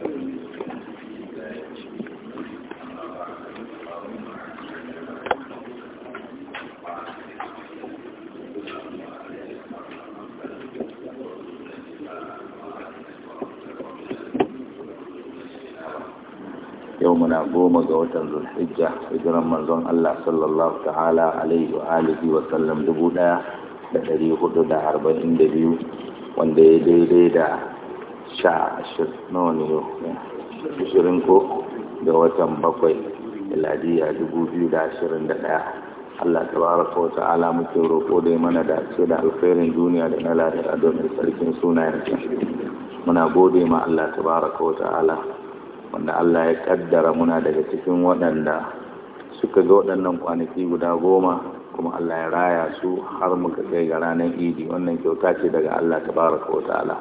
Thank you. muna goma ga watan zulhijja hijiran manzon Allah sallallahu ta'ala alaihi wa alihi wa sallam dubu daya da dari hudu da arba'in da biyu wanda ya daidai da sha ashirin ashirin ko da watan bakwai miladiya dubu biyu da ashirin da daya Allah tabaraka wa ta'ala muke roƙo da mana dace da alkhairin duniya da na lahira domin sarkin sunayen muna gode ma Allah tabaraka wa ta'ala wanda Allah ya kaddara muna daga cikin waɗanda suka ga waɗannan kwanaki guda goma kuma Allah ya raya su har muka kai ga ranar idi wannan kyauta ce daga Allah ta baraka ta'ala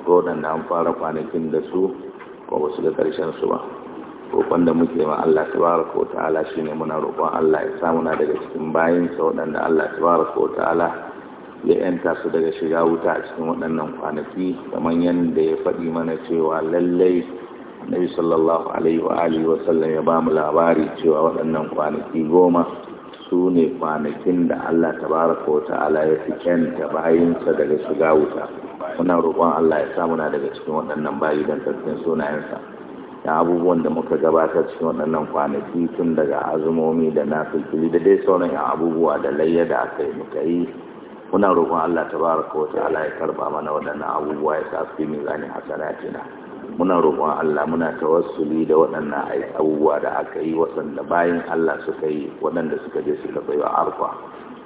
akwai waɗanda an fara kwanakin da su ko ba su ga ƙarshen su ba roƙon da muke ma Allah ta wa ta'ala shine muna roƙon Allah ya sa muna daga cikin bayin sa waɗanda Allah tabaraka wa ta'ala ya yanta su daga shiga wuta a cikin waɗannan kwanaki kamar yadda ya faɗi mana cewa lallai nabi sallallahu alaihi wa alihi wa sallam ya ba mu labari cewa waɗannan kwanaki goma su ne kwanakin da Allah tabaraka wa ta'ala ya fi kyanta bayinsa daga shiga wuta muna roƙon Allah ya sa muna daga cikin waɗannan bayi don tsarkin sunayensa da abubuwan da muka gabatar cikin waɗannan kwanaki tun daga azumomi da na da dai sauran abubuwa da layya da aka yi muka yi muna roƙon Allah tabaraka wa ta'ala ya karba mana waɗannan abubuwa ya sa su yi mizanin hasanati na muna roƙon Allah muna tawassuli da waɗannan abubuwa da aka yi waɗanda bayan Allah suka yi waɗanda suka je suka tsaye a arfa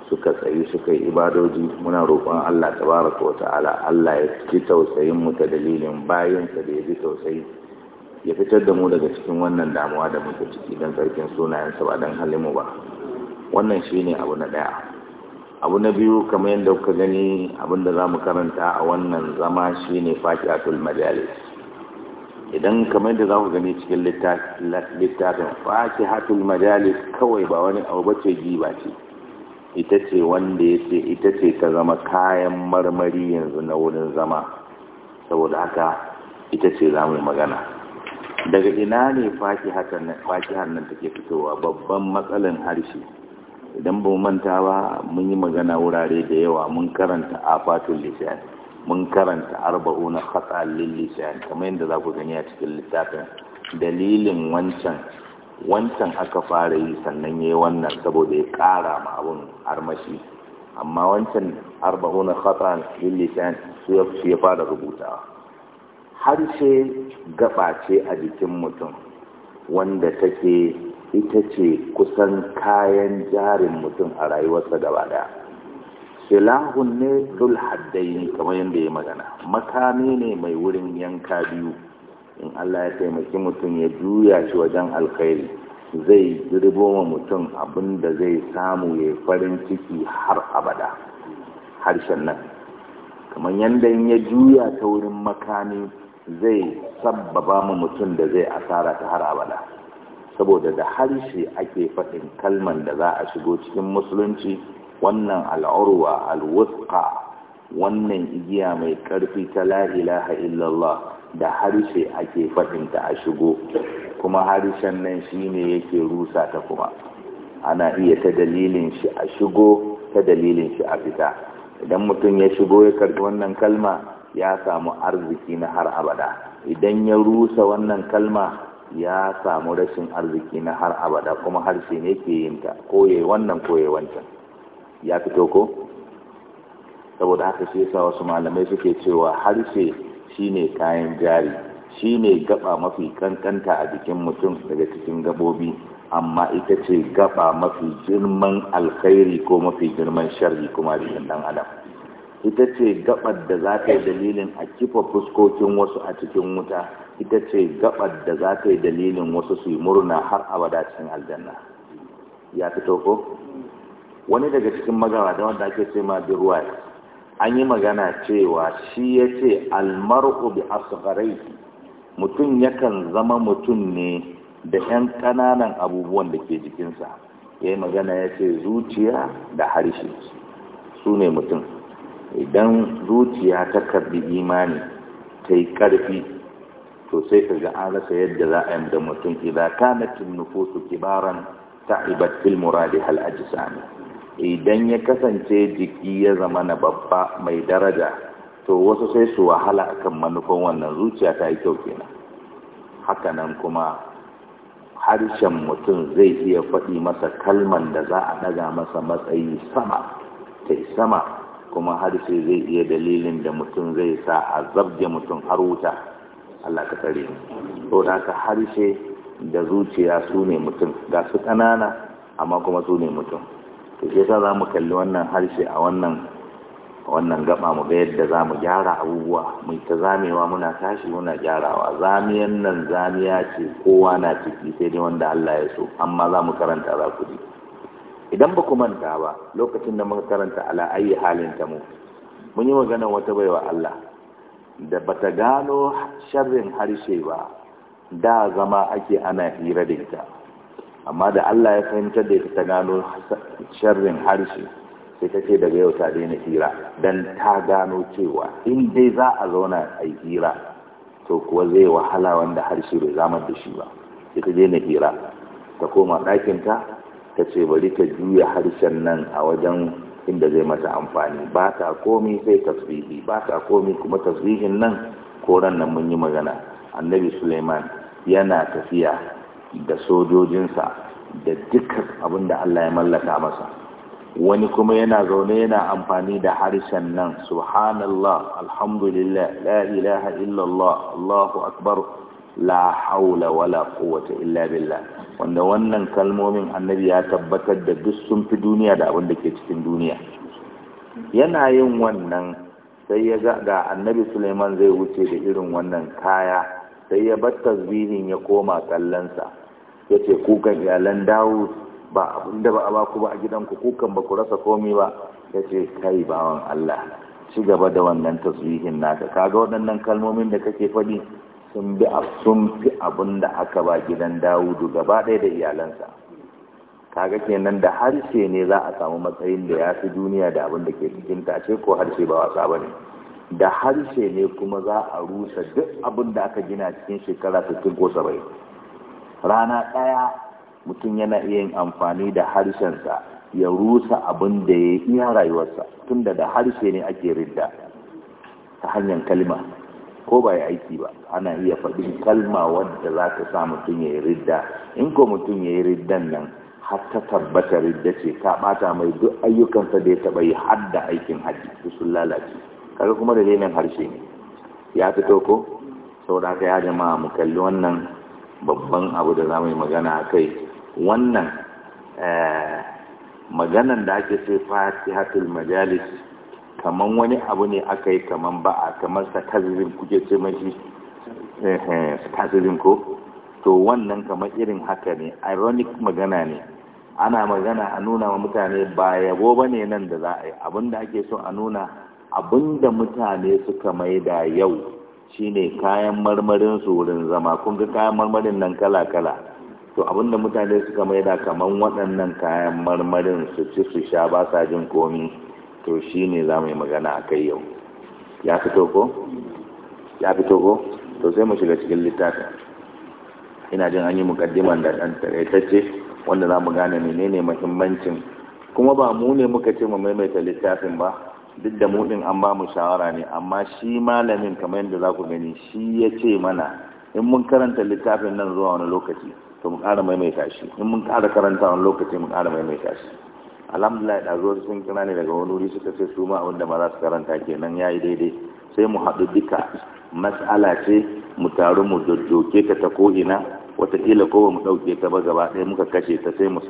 suka tsayi suka yi ibadoji muna roƙon Allah tabaraka wa ta'ala Allah ya ci tausayin mu ta dalilin bayansa da ya ji tausayi ya fitar da mu daga cikin wannan damuwa da muke ciki don sunayen sa ba don mu ba wannan shine abu na ɗaya abu na biyu kamar yadda kuka gani abinda za mu karanta a wannan zama shine fakiatul majalis idan kamar da za ku gani cikin littafin fatihatul majalis kawai ba wani abu ba ce ce ita ce wanda ya ce ita ce ta zama kayan marmari yanzu na wurin zama saboda haka ita ce za mu magana daga ina ne fatihar nan take fitowa babban matsalin harshe idan ba manta ba mun yi magana wurare da yawa mun karanta a afatul lisani mun karanta arba'una khata lillisan kamar yadda za ku gani a cikin littafin dalilin wancan wancan aka fara yi sannan yayi wannan saboda ya kara ma abun armashi amma wancan arba'una khata lillisan su ya fara rubutawa harshe gaba ce a jikin mutum wanda take ita ce kusan kayan jarin mutum a rayuwarsa gaba daya silahun ne zul haddaini kamar yadda ya magana makami ne mai wurin yanka biyu in Allah ya taimaki mutum ya juya shi wajen alkhairi zai girbo wa mutum abin da zai samu ya farin ciki har abada harshen nan kamar yadda ya juya ta wurin makami zai sabbaba ma mutum da zai asara ta har abada saboda da harshe ake faɗin kalman da za a shigo cikin musulunci wannan al'urwa alwusqa wannan igiya mai ƙarfi ta la ilaha illallah da harshe ake fahimta a shigo kuma harshen nan shi ne yake rusa ta kuma ana iya ta dalilin shi a shigo ta dalilin shi a fita idan mutum ya shigo ya karfi wannan kalma ya samu arziki na har abada idan ya rusa wannan kalma ya samu rashin arziki na har abada kuma harshe ne ke yinta ta, wannan koye wancan ya fito ko saboda haka shi yasa wasu malamai suke cewa harshe shine kayan jari shine gaba mafi kankanta a jikin mutum daga cikin gabobi amma ita ce gaba mafi girman alkhairi ko mafi girman sharri kuma jikin dan adam ita ce gabar da za ta yi dalilin a kifa fuskokin wasu a cikin wuta ita ce gabar da za ta yi dalilin wasu su yi murna har abada cikin aljanna ya fito ko wani daga cikin magana da wanda ake ce ma ruwa an yi magana cewa shi ya ce almar'u bi asgharai mutum yakan zama mutum ne da 'yan ƙananan abubuwan da ke jikinsa ya yi magana ya ce zuciya da harshe su ne mutum idan zuciya ta karbi imani ta yi ƙarfi to sai ka ga an rasa yadda za a yi da mutum idan kanatin nufusu kibaran ta'ibat fil muradi hal ajisami idan ya kasance jiki ya zama na babba mai daraja to wasu sai su wahala akan manufan wannan zuciya ta yi kyau kenan hakanan kuma harshen mutum zai iya faɗi masa kalman da za a ɗaga masa matsayi sama ta sama kuma harshe zai iya dalilin da mutum zai sa a zabge mutum har wuta Allah ka tsare to da harshe da zuciya su ne mutum ga su ƙanana amma kuma su ne mutum to sa za mu kalli wannan harshe a wannan wannan gaba mu ga yadda za mu gyara abubuwa mu ta zamewa muna tashi muna gyarawa zamiyan nan zamiya ce kowa na ciki sai dai wanda Allah ya so amma za mu karanta za ku ji idan ba ku manta ba lokacin da muka karanta ala ayi halin ta mu mun yi magana wata baiwa Allah da bata gano sharrin harshe ba da zama ake ana hira da amma da Allah ya fahimtar da ita ta gano sharrin harshe sai ta ce daga yau ta daina hira don ta gano cewa in dai za a zauna a yi hira to kuwa zai wahala wanda harshe bai zama da shi ba sai ta daina hira ta koma ɗakinta ta ce bari ta juya harshen nan a wajen inda zai mata amfani ba ta komi sai tasbihi ba ta komi kuma tasbihin nan koran nan mun yi magana annabi suleiman yana tafiya da sojojinsa da dukkan abin da Allah ya mallaka masa wani kuma yana zaune yana amfani da harshen nan subhanallah alhamdulillah la ilaha illallah allahu akbar la haula wala quwwata illa billah wanda wannan kalmomin annabi ya tabbatar da duk sun fi duniya da abin da ke cikin duniya yana yin wannan sai ya ga annabi Suleiman zai wuce da irin wannan kaya sai ya bar tasbihin ya koma kallansa ya ce kukan iyalan dawo ba abinda ba a baku ba a gidanku kukan ba ku rasa komi ba ya ce kai bawan Allah ci gaba da wannan tasbihin naka kaga waɗannan kalmomin da kake faɗi sun bi sun fi abin da aka ba gidan Dawudu gaba ɗaya da iyalansa kaga kenan da harshe ne za a samu matsayin da ya fi duniya da abin da ke cikin ta ce ko harshe ba wasa bane da harshe ne kuma za a rusa duk abin da aka gina cikin shekara 60 ko rana ɗaya mutum yana iya yin amfani da harshensa ya rusa abin da ya iya rayuwarsa tunda da harshe ne ake ridda ta hanyar kalma ko ba ya aiki ba ana iya faɗin kalma wadda za ta sa mutum ya yi ridda in ko mutum ya yi riddan nan har ta tabbata ridda ce ta ɓata mai duk ayyukansa da ya taɓa yi har da aikin hajji su sun lalace kaga kuma da dalilin harshe ne ya fito ko saboda haka ya jama'a mu kalli wannan babban abu da za mu yi magana a kai wannan eh, maganan da ake Fati hatul majalis kamar wani abu ne aka yi ba a kamar sarcasm kuke ce mashi eh, sarcasm ko to wannan kamar irin haka ne ironic magana ne ana magana a nuna wa mutane ba yabo ba ne nan da za a yi abinda ake so a nuna abinda mutane suka maida yau shine kayan marmarin su wurin zama kun ga kayan marmarin nan kala kala to abinda mutane suka maida kaman waɗannan kayan marmarin su ci su sha ba sa jin komi to shine za mu yi magana a kai yau ya fito ko ya fito ko to sai mu shiga cikin littafin ina jin an yi mukaddiman da ɗan takaitacce wanda za mu gane menene muhimmancin kuma ba mu ne muka ce mu maimaita littafin ba duk da muɗin an ba mu shawara ne amma shi malamin kamar yadda za ku gani shi ya ce mana in mun karanta littafin nan zuwa wani lokaci to mu ƙara maimaita shi in mun ƙara karanta wani lokaci mu ƙara maimaita shi alhamdulillah da zuwa sun kira ne daga wani wuri suka ce su ma abinda ba za su karanta kenan ya yi daidai sai mu haɗu duka mas'ala ce mu taru mu jojjoke ta ta ina. watakila ko ba mu ɗauke ta ba gaba ɗaya muka kashe ta sai mu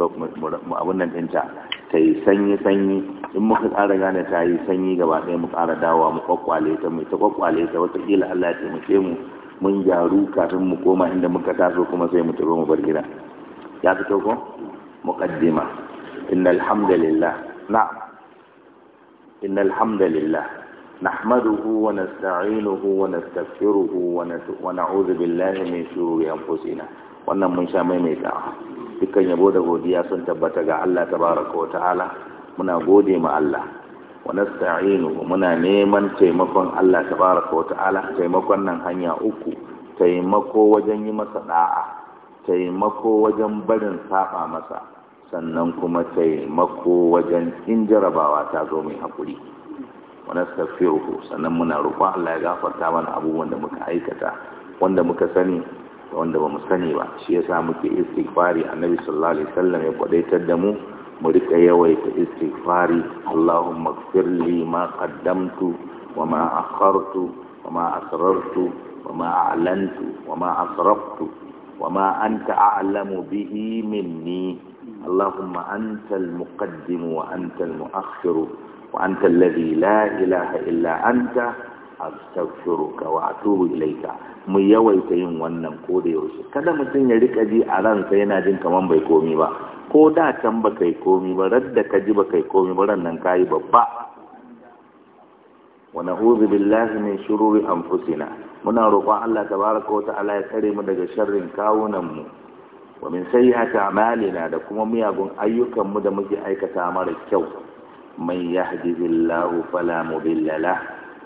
abin nan ɗinta ta yi sanyi-sanyi in muka ƙara gane ta yi sanyi gaba ɗaya mu ƙara dawowa mu kwakwale ta mu ta kwakwale ta watakila Allah ya taimake mu mun gyaru kafin mu koma inda muka taso kuma sai mu tafi mu bar gida ya fito ko muqaddima inna alhamdulillah. na'am inna alhamdulillah. نحمده ونستعينه ونستغفره ونعوذ بالله من شرور أنفسنا wannan mun sha maimaita dukkan yabo da godiya sun tabbata ga Allah tabaraka wa ta'ala muna gode ma Allah wa nasta'inu muna neman taimakon Allah tabaraka wa ta'ala taimakon nan hanya uku taimako wajen yi masa da'a taimako wajen barin safa masa sannan kuma taimako wajen in jarabawa ta zo mai hakuri ونستغفره sannan muna roƙon Allah ya gafarta mana abubuwan da muka aikata wanda muka sani da wanda bamu sani ba shi sa muke istighfari annabi sallallahu alaihi wasallam ya kwadaitar da mu mu rika yawaita istighfari Allahumma ighfirli ma qaddamtu wa ma akhartu wa ma asrartu wa ma a'lantu wa ma asraftu wa ma anta a'lamu bihi minni اللهم wa المقدم وأنت المؤخر وأنت الذي لا إله إلا أنت أستغفرك وأتوب إليك mu yawaita yin wannan ko da yaushe kada mutum ya rika ji a ransa yana jin kamar bai komi ba ko da can ba kai komi ba radda ka ji ba kai komi ba ran nan kayi babba wa na'udhu billahi min shururi anfusina muna roƙon Allah tabaraka wa ta'ala ya tsare mu daga sharrin kawunan mu wa min sayyiati a'malina da kuma miyagun ayyukan mu da muke aikata mara kyau mai yahdihi Allah fala mudilla la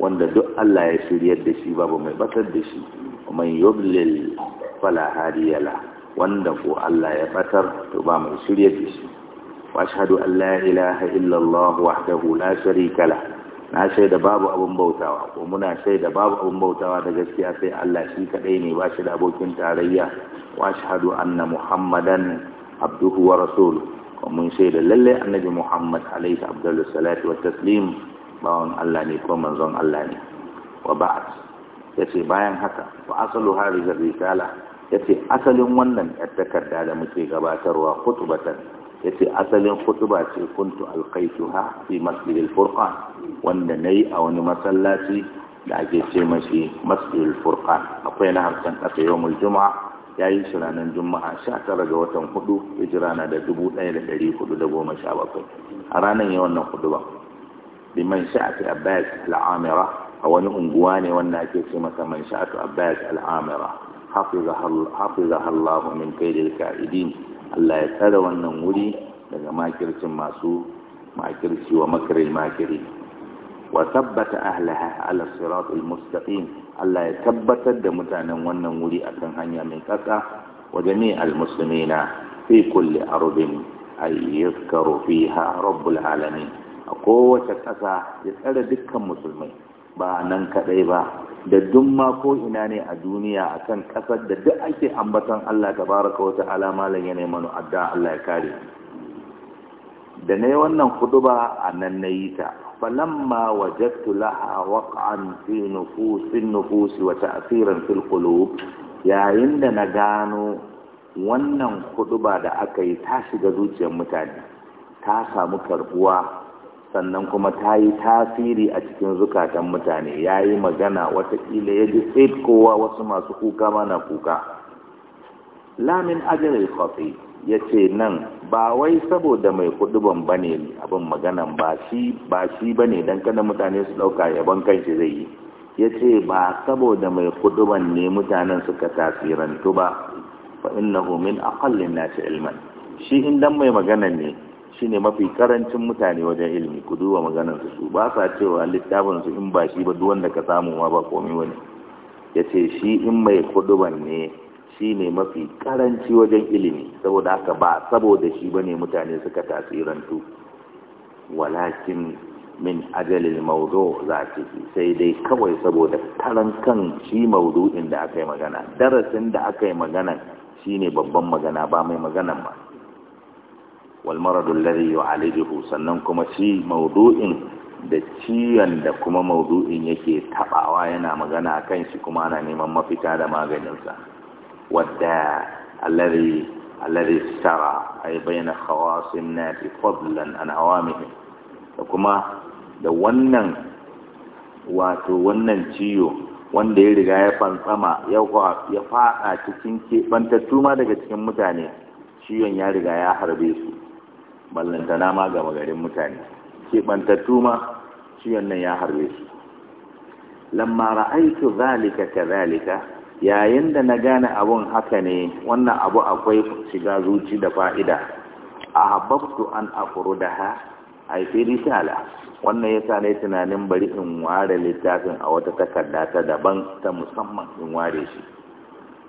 wanda duk Allah ya shiryar da shi babu mai batar da shi man yudlil fala hadiya la wanda ko Allah ya batar to ba mai shiryar da shi wa ashhadu an la ilaha illa Allah wahdahu la sharika la na shaida babu abun bautawa ko muna shaida babu abun bautawa da gaskiya sai Allah shi kadai ne ba shi da abokin tarayya wa ashhadu anna muhammadan abduhu wa rasuluhu mun shaida lalle annabi Muhammad alaihi Abdullahi salatu wa taslim bawon Allah ne ko manzon Allah ne wa ya yace bayan haka wa asalu hadhihi risala ce asalin wannan takarda da muke gabatarwa Ya ce asalin khutba ce kuntu alqaituha fi masjid furqan wanda nayi a wani masallaci da ake ce mashi masjid al-furqan akwai na harsan kasa yawmul juma'a ya yi shi ranar juma'a sha tara ga watan hudu hijira na da dubu ɗaya da ɗari hudu da goma sha bakwai a ranar ya wannan hudu ba liman sha'atu abbas al'amira a wani unguwa ne wanda ake ce masa man sha'atu abbas al'amira hafizaha Allah min kaidil ka'idin Allah ya tsare wannan wuri daga makircin masu makirci wa makirin makiri wa tabbata ahlaha ala siratul mustaqim Allah ya tabbatar da mutanen wannan wuri akan hanya mai tsaka wa jami'al na, fi kulli ardin ay yuzkaru fiha rabbul alamin a kowace ƙasa ya tsare dukkan musulmai ba nan kaɗai ba da duk ma ko ina ne a duniya akan ƙasar da duk ake ambaton Allah tabaraka wa ta'ala malan yana manu adda Allah ya kare da ne wannan kuduba a nan na yi ta فلما وجدت لها وقعا في نفوس في النفوس وتأثيرا في القلوب يا عند نغانو wannan kuduba da aka yi ta shiga zuciyar mutane ta samu karbuwa sannan kuma ta yi tasiri a cikin zukatan mutane ya yi magana watakila ya ji sai kowa wasu masu kuka mana kuka lamin ajiyar kwafi ya ce nan ba wai saboda mai kuduban ba ne abin maganan ba shi ba ne don kada mutane su ɗauka yaban kanshi zai yi ya ce ba saboda mai kuduban ne mutanen suka tasirantu ba fa innahu min aqallin nasi ilman shi in mai magana ne shi ne mafi karancin mutane wajen ilimi ku duba maganar su ba sa cewa littafin su in ba shi ba duwanda ka samu ma ba komi wani yace shi in mai kuduban ne Shi ne mafi karanci wajen ilimi saboda aka ba saboda shi bane mutane suka tasirantu walakin min ajalin mawdu za ce sai dai kawai saboda karan kan shi mawdu'in da aka yi magana darasin da aka yi magana shi ne babban magana ba mai magana ba wal maradu alladhi alijihu sannan kuma shi in da ciyan da kuma in yake tabawa yana magana kan shi kuma ana neman mafita da maganinsa والداع الذي الذي استرى أي بين خواص الناس فضلا عن عوامهم وكما da wannan wato wannan ciyo wanda ya riga ya fantsama ya fada cikin keɓantattu ma daga cikin mutane ciyon ya riga ya harbe su ballantana ma ga garin mutane keɓantattu ma ciyon nan ya harbe su lamma ra'aitu zalika kadhalika yayin da na gane abun haka ne wannan abu akwai shiga zuci da fa'ida a habbabtu an afuru da ha haifi risala wannan ya sa ne tunanin bari in ware littafin a wata takarda ta daban ta musamman in ware shi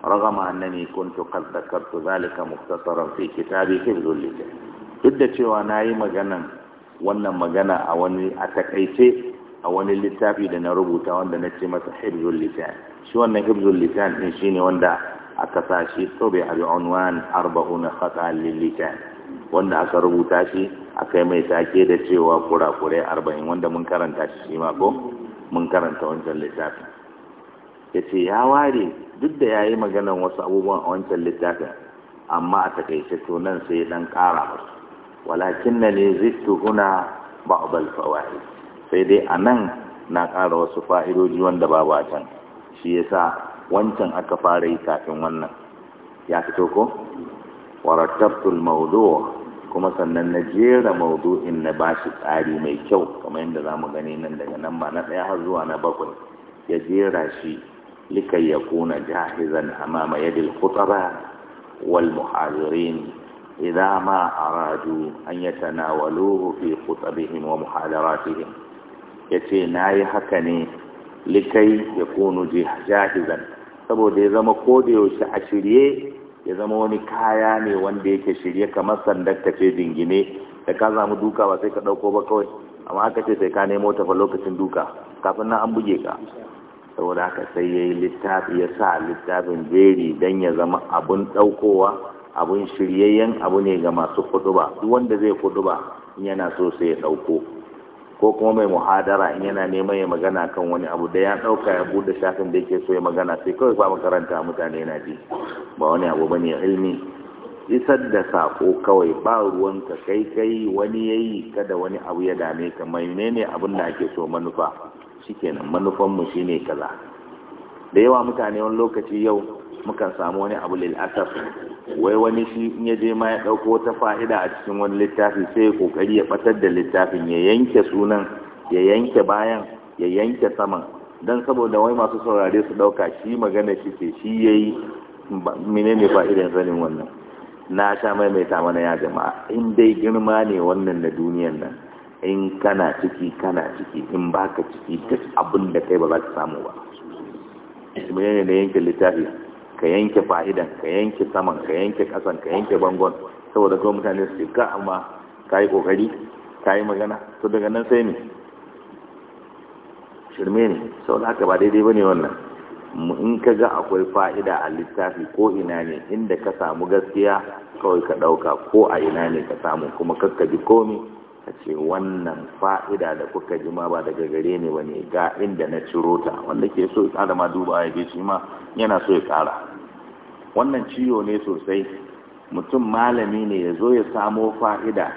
ragama annani kuntu qad dhakartu zalika muktasaran fi kitabi hizbul lisan duk da cewa nayi maganan wannan magana a wani a takaice a wani littafi da na rubuta wanda na ce masa hibzul lisan shi wannan hibzul ɗin shi ne wanda aka sa shi tobe abi unwan arba'una khata lil lisan wanda aka rubuta shi akai mai sake da cewa kurakure arba'in wanda mun karanta shi shi ma ko mun karanta wancan littafin yace ya ware duk da ya yi maganan wasu abubuwan a wancan littafin amma a takaice to nan sai dan ƙara musu walakin ne zittu huna ba'd al fawaid sai dai a nan na ƙara wasu fa’iroji wanda ba ba shi ya sa wancan aka fara yi kafin wannan ya fito ko? warattabtul maudu kuma sannan na jera maudu'in na ba shi tsari mai kyau kamar yadda za mu gani nan daga nan ba na ɗaya har zuwa na bakwai ya jera shi likai ya kuna jahizan amama yadil kutara wal muhazirin idan ma aradu an yatanawaluhu fi khutabihim wa muhadaratihim ya ce na yi haka ne likai ya kunu jahizan saboda ya zama kodayaushe a shirye ya zama wani kaya ne wanda yake shirye kamar sandar ta ce jingine da ka zama duka ba sai ka ɗauko ba kawai amma aka ce sai ka nemo ta fa lokacin duka kafin na an buge ka saboda haka sai ya yi littafi ya sa littafin jeri don ya zama abun ɗaukowa abun shiryayyen abu ne ga masu kuɗuba duk wanda zai kuɗuba yana so sai ya ɗauko ko kuma mai muhadara in yana neman ya magana kan wani abu da ya ɗauka ya buɗe shafin da yake so ya magana sai kawai ba makaranta mutane yana ji ba wani abu bane ilmi isar da sako kawai ba ruwan ka kai kai wani yayi kada wani abu ya dame ka mai menene abin da ake so manufa shikenan manufan mu shine kaza da yawa mutane wani lokaci yau mukan samu wani abu lil'asaf wai wani shi in yaje ma ya ɗauko wata fa'ida a cikin wani littafi sai ya kokari ya batar da littafin ya yanke sunan ya yanke bayan ya yanke saman dan saboda wai masu saurare su ɗauka shi magana shi ce shi yayi yi menene fa'idan sanin wannan na sha maimaita mana ya jama'a in dai girma ne wannan na duniyan nan in kana ciki kana ciki in baka ciki duk abin da kai ba za ka samu ba menene ne yanke littafi ka yanke fa'idan ka yanke saman ka yanke kasan ka yanke bangon saboda kuma mutane su ka amma ka yi kokari ka yi magana to daga nan sai ne shirme ne saboda haka ba daidai ba ne wannan in ka ga akwai fa'ida a littafi ko ina ne inda ka samu gaskiya kawai ka ɗauka ko a ina ne ka samu kuma ji komi ka ce wannan fa'ida da kuka ji ma ba daga gare ne ba ne ga inda na ciro ta wanda ke so ya tsara ma duba ya shi ma yana so ya tsara wannan ciwo ne sosai mutum malami ne ya zo ya samo fa'ida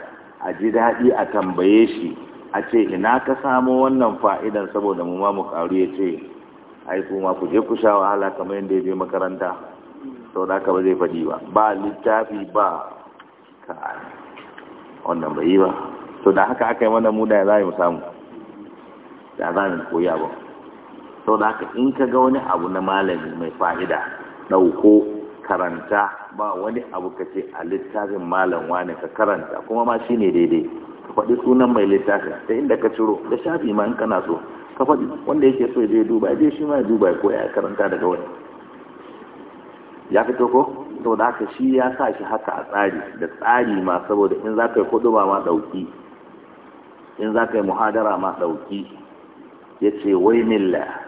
a ji daɗi a tambaye shi a ce ina ka samo wannan fa'idan saboda mu ma mu ƙaru ya ce ai kuma ku je ku sha wahala kamar yadda ya je makaranta sau da ba zai faɗi ba ba littafi ba ka wannan bai yi ba to da haka aka yi mana muda ya za mu samu da za mu koya ba sau da haka in ka ga wani abu na malami mai fa'ida ɗauko karanta ba wani abu ka ce a littafin malam wane ka karanta kuma ma shi ne daidai ka faɗi sunan mai littafin ta inda ka ciro da shafi ma in kana so ka faɗi wanda yake so ya duba ya shi ma ya duba ko ya karanta daga wani ya fito ko to da haka shi ya sa shi haka a tsari da tsari ma saboda in za ka yi kuɗuba ma ɗauki in za ka yi muhadara ma ɗauki ya ce wai milla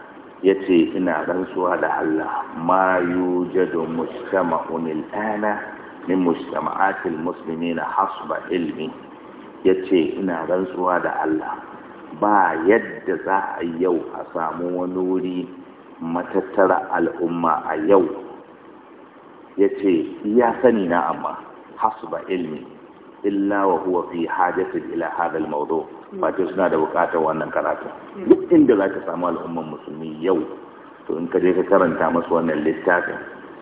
ya ce ina rantsuwa da Allah ma yujadu ne al'ana min mujtama'atil muslimina hasba ilmi ya ce ina rantsuwa da Allah ba yadda za a yau a samu wani wuri matattara al'umma a yau ya ce ya sani na amma hasba ilmi illa wa huwa fi hajatin ila hadal mawdu' mace suna da bukatar wannan karatu duk inda za ka samu al'umman musulmi yau to in ka je ka karanta masu wannan littafin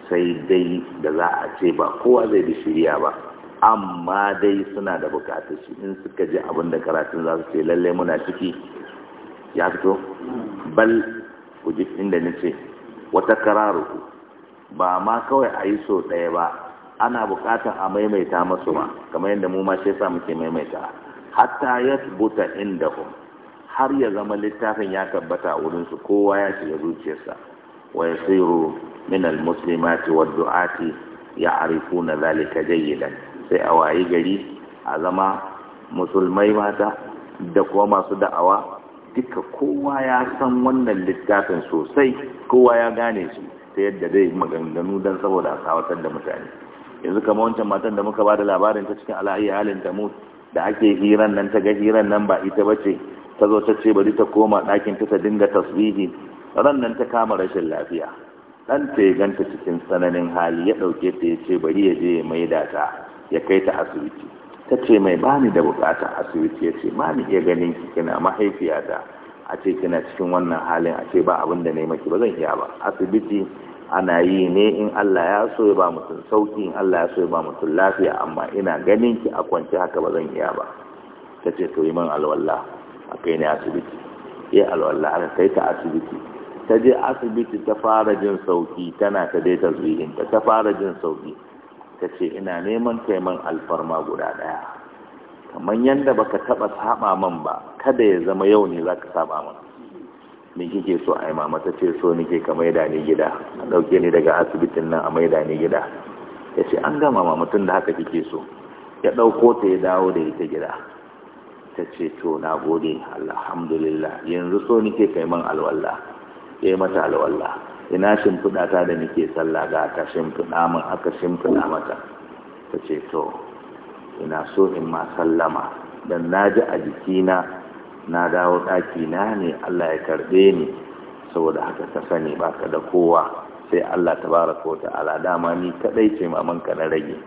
sai dai da za a ce ba kowa zai bi shirya ba amma dai suna da bukatar shi in suka ji abin da karatun za su ce lallai muna ciki ya fito bal ku ji inda na ce wata kararuku ba ma kawai a yi so ɗaya ba ana bukatar a maimaita masu ma kamar yadda mu ma shi sa muke maimaita hatta inda inda har ya zama littafin ya tabbata a wurin su kowa ya shiga zuciyarsa wa yasiru min almuslimati wad du'ati ya'rifuna zalika jayyidan sai a wayi gari a zama musulmai mata da kuma masu da'awa duka kowa ya san wannan littafin sosai kowa ya gane shi ta yadda zai maganganu dan saboda a sawatar da mutane yanzu kamar wancan matan da muka ba da labarin ta cikin ala'ayi halin ta mutu. da ake hiran nan ta ga hiran nan ba ita bace ta zo ta ce bari ta koma ɗakin ta ta dinga tasbihi ran nan ta kama rashin lafiya dan ta ya ganta cikin tsananin hali ya dauke ta ya ce bari ya je ya maida ta ya kai ta asibiti ta ce mai bani da bukata asibiti ya ce ma ni iya ganin ki kina mahaifiyata a ce kina cikin wannan halin a ce ba abin da na maki ba zan iya ba asibiti ana yi ne in Allah ya so ya ba mutum sauki in Allah ya so ya ba mutum lafiya amma ina ganin ki a kwance haka ba zan iya ba ta ce to yi min alwallah a kai ne asibiti ya alwallah an kai ta asibiti ta je asibiti ta fara jin sauki tana ta dai ta zuhinta ta fara jin sauki ta ce ina neman taiman alfarma guda daya kamar yanda baka taba saba man ba kada ya zama yau ne zaka saba man me kike so a yi mama ta ce so nike ka maida ni gida a ɗauke ni daga asibitin nan a maida ni gida ya ce an gama mama tun da haka kike so ya ɗauko ta ya dawo da ita gida ta ce to na gode alhamdulillah yanzu so nike kai man alwala ya yi mata alwala ina shimfiɗa ta da nike sallah ga aka shimfiɗa min aka shimfiɗa mata ta ce to ina so in ma sallama dan na ji a jikina na dawo ɗaki na ne Allah ya karɓe ni saboda haka ka sani baka da kowa sai Allah ta tabaraka wa ta'ala dama ni kadai ce maman ka na rage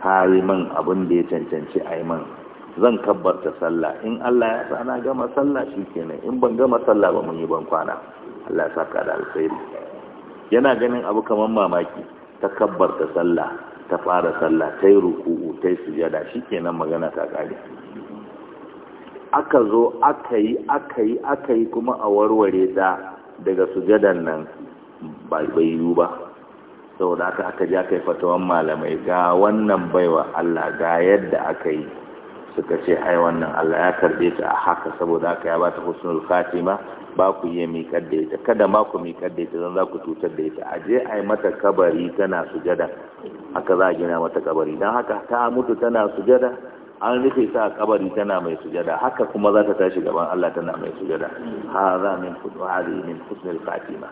ka yi min abin da ya cancanci a man zan kabbarta sallah in Allah ya sa na gama sallah shikenan in ban gama sallah ba mun yi ban kwana Allah ya saka da alkhairi yana ganin abu kamar mamaki ta kabbarta sallah ta fara sallah ta yi ruku'u ta yi sujada shi kenan magana ta kare aka zo aka yi aka yi aka yi kuma a warware da daga sujadan nan bai yiwu ba saboda aka aka ji aka fatawan malamai ga wannan baiwa Allah ga yadda aka yi suka ce ai wannan Allah ya karbe ta a haka saboda aka ya bata husnul khatima ba ku yi mi da ita kada ma ku mikar da ita don za ku cutar da ita a je ai mata kabari tana sujada haka za gina mata kabari dan haka ta mutu tana sujada an rufe ta a kabari tana mai sujada haka kuma za ta tashi gaban Allah tana mai sujada za min hudhari min husnil khatima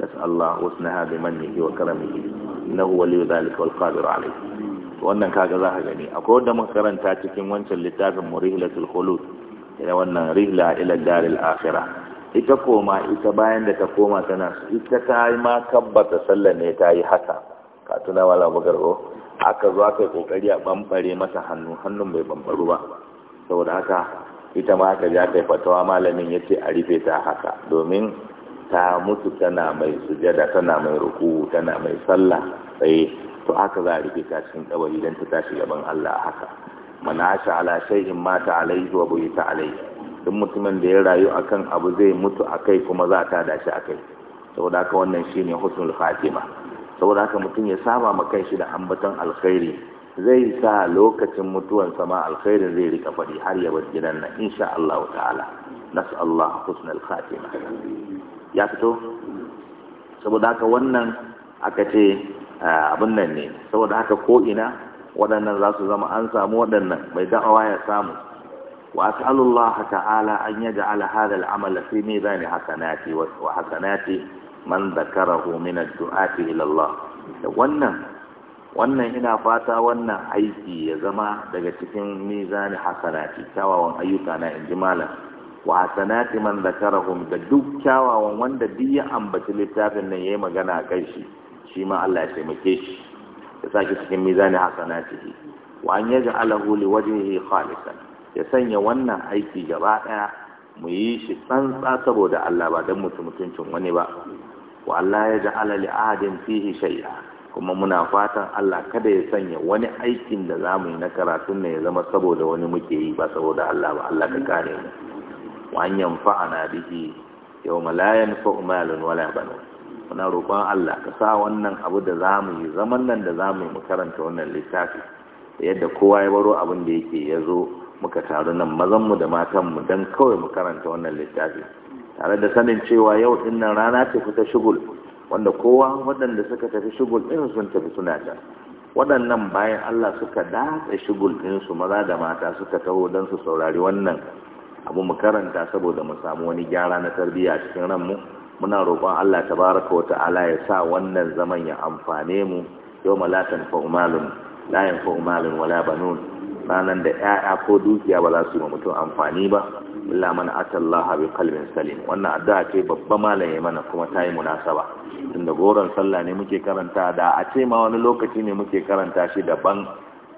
nas'allahu husnaha bi mannihi wa karamihi innahu waliyyu dhalika wal qadir alayh wannan kaga za ka gani akwai wanda muka karanta cikin wancan littafin mu rihlatul khulud ila wannan rihla ila daril akhirah ita koma ita bayan da ta koma tana ita ta yi ma tabbata sallar ne ta yi haka ka tuna wala bugar aka zo aka yi kokari a bambare masa hannu hannun bai bambaru ba saboda haka ita ma aka ja ta fatawa malamin ya ce a rufe ta haka domin ta mutu tana mai sujada tana mai ruku tana mai sallah tsaye to aka za a rufe ta cikin kabari idan ta tashi gaban Allah haka mana sha ala shay'in mata alaihi wa ta alaihi duk mutumin da ya rayu akan abu zai mutu akai kuma za ta dashi akai saboda haka wannan shine husnul Fatima. saboda haka mutum ya saba ma kai shi da ambaton alkhairi zai sa lokacin mutuwan sama alkhairin zai rika faɗi har ya bar gidan nan insha Allah ta'ala nas'allahu husnal khatima ya fito saboda haka wannan aka ce abin nan ne saboda haka ko ina waɗannan za su zama an samu waɗannan mai da'awa ya samu wa as'alullah ta'ala an yaj'ala hadha al-amal fi mizani hasanati wa hasanati man zakarahu min ad ila Allah da wannan wannan ina fata wannan aiki ya zama daga cikin mizani hasanati kyawawan ayyuka na inji malam wa hasanati man da duk kyawawan wanda duk ya ambaci littafin nan yayi magana a kai shi shi ma Allah ya taimake shi ya sake cikin mizani hasanatihi wa an yaj'alahu liwajhihi khalisan ya sanya wannan aiki gaba daya mu yi shi tsantsa saboda Allah ba don mutum mutuncin wani ba wa Allah ya ji alali ahadin fihi shay'a kuma muna fatan Allah kada ya sanya wani aikin da za mu yi na karatun na ya zama saboda wani muke yi ba saboda Allah ba Allah ka kare mu wa an yanfa'ana bihi yawma la yanfa'u malun wala banun muna roƙon Allah ka sa wannan abu da za mu yi zaman nan da za mu yi mu karanta wannan littafi yadda kowa ya baro abin da yake ya zo muka taru nan mazanmu da matanmu don kawai mu karanta wannan littafi tare da sanin cewa yau dinnan rana ce fita shugul wanda kowa waɗanda suka tafi shugul ɗin sun tafi suna da waɗannan bayan Allah suka datsa shugul ɗinsu maza da mata suka taho don su saurari wannan abu mu karanta saboda mu samu wani gyara na tarbiyya cikin ran mu, muna roƙon Allah tabaraka wa ta'ala ya sa wannan zaman ya amfane mu yau malatan fa'umalun la yanfa'u malun wala banun ranar da ‘ya'ya ko dukiya ba za su yi wa mutum amfani ba illa man atallaha bi kalbin salim wannan addu'a ce babba malam ya mana kuma ta yi munasaba tunda goron sallah ne muke karanta da a ce ma wani lokaci ne muke karanta shi daban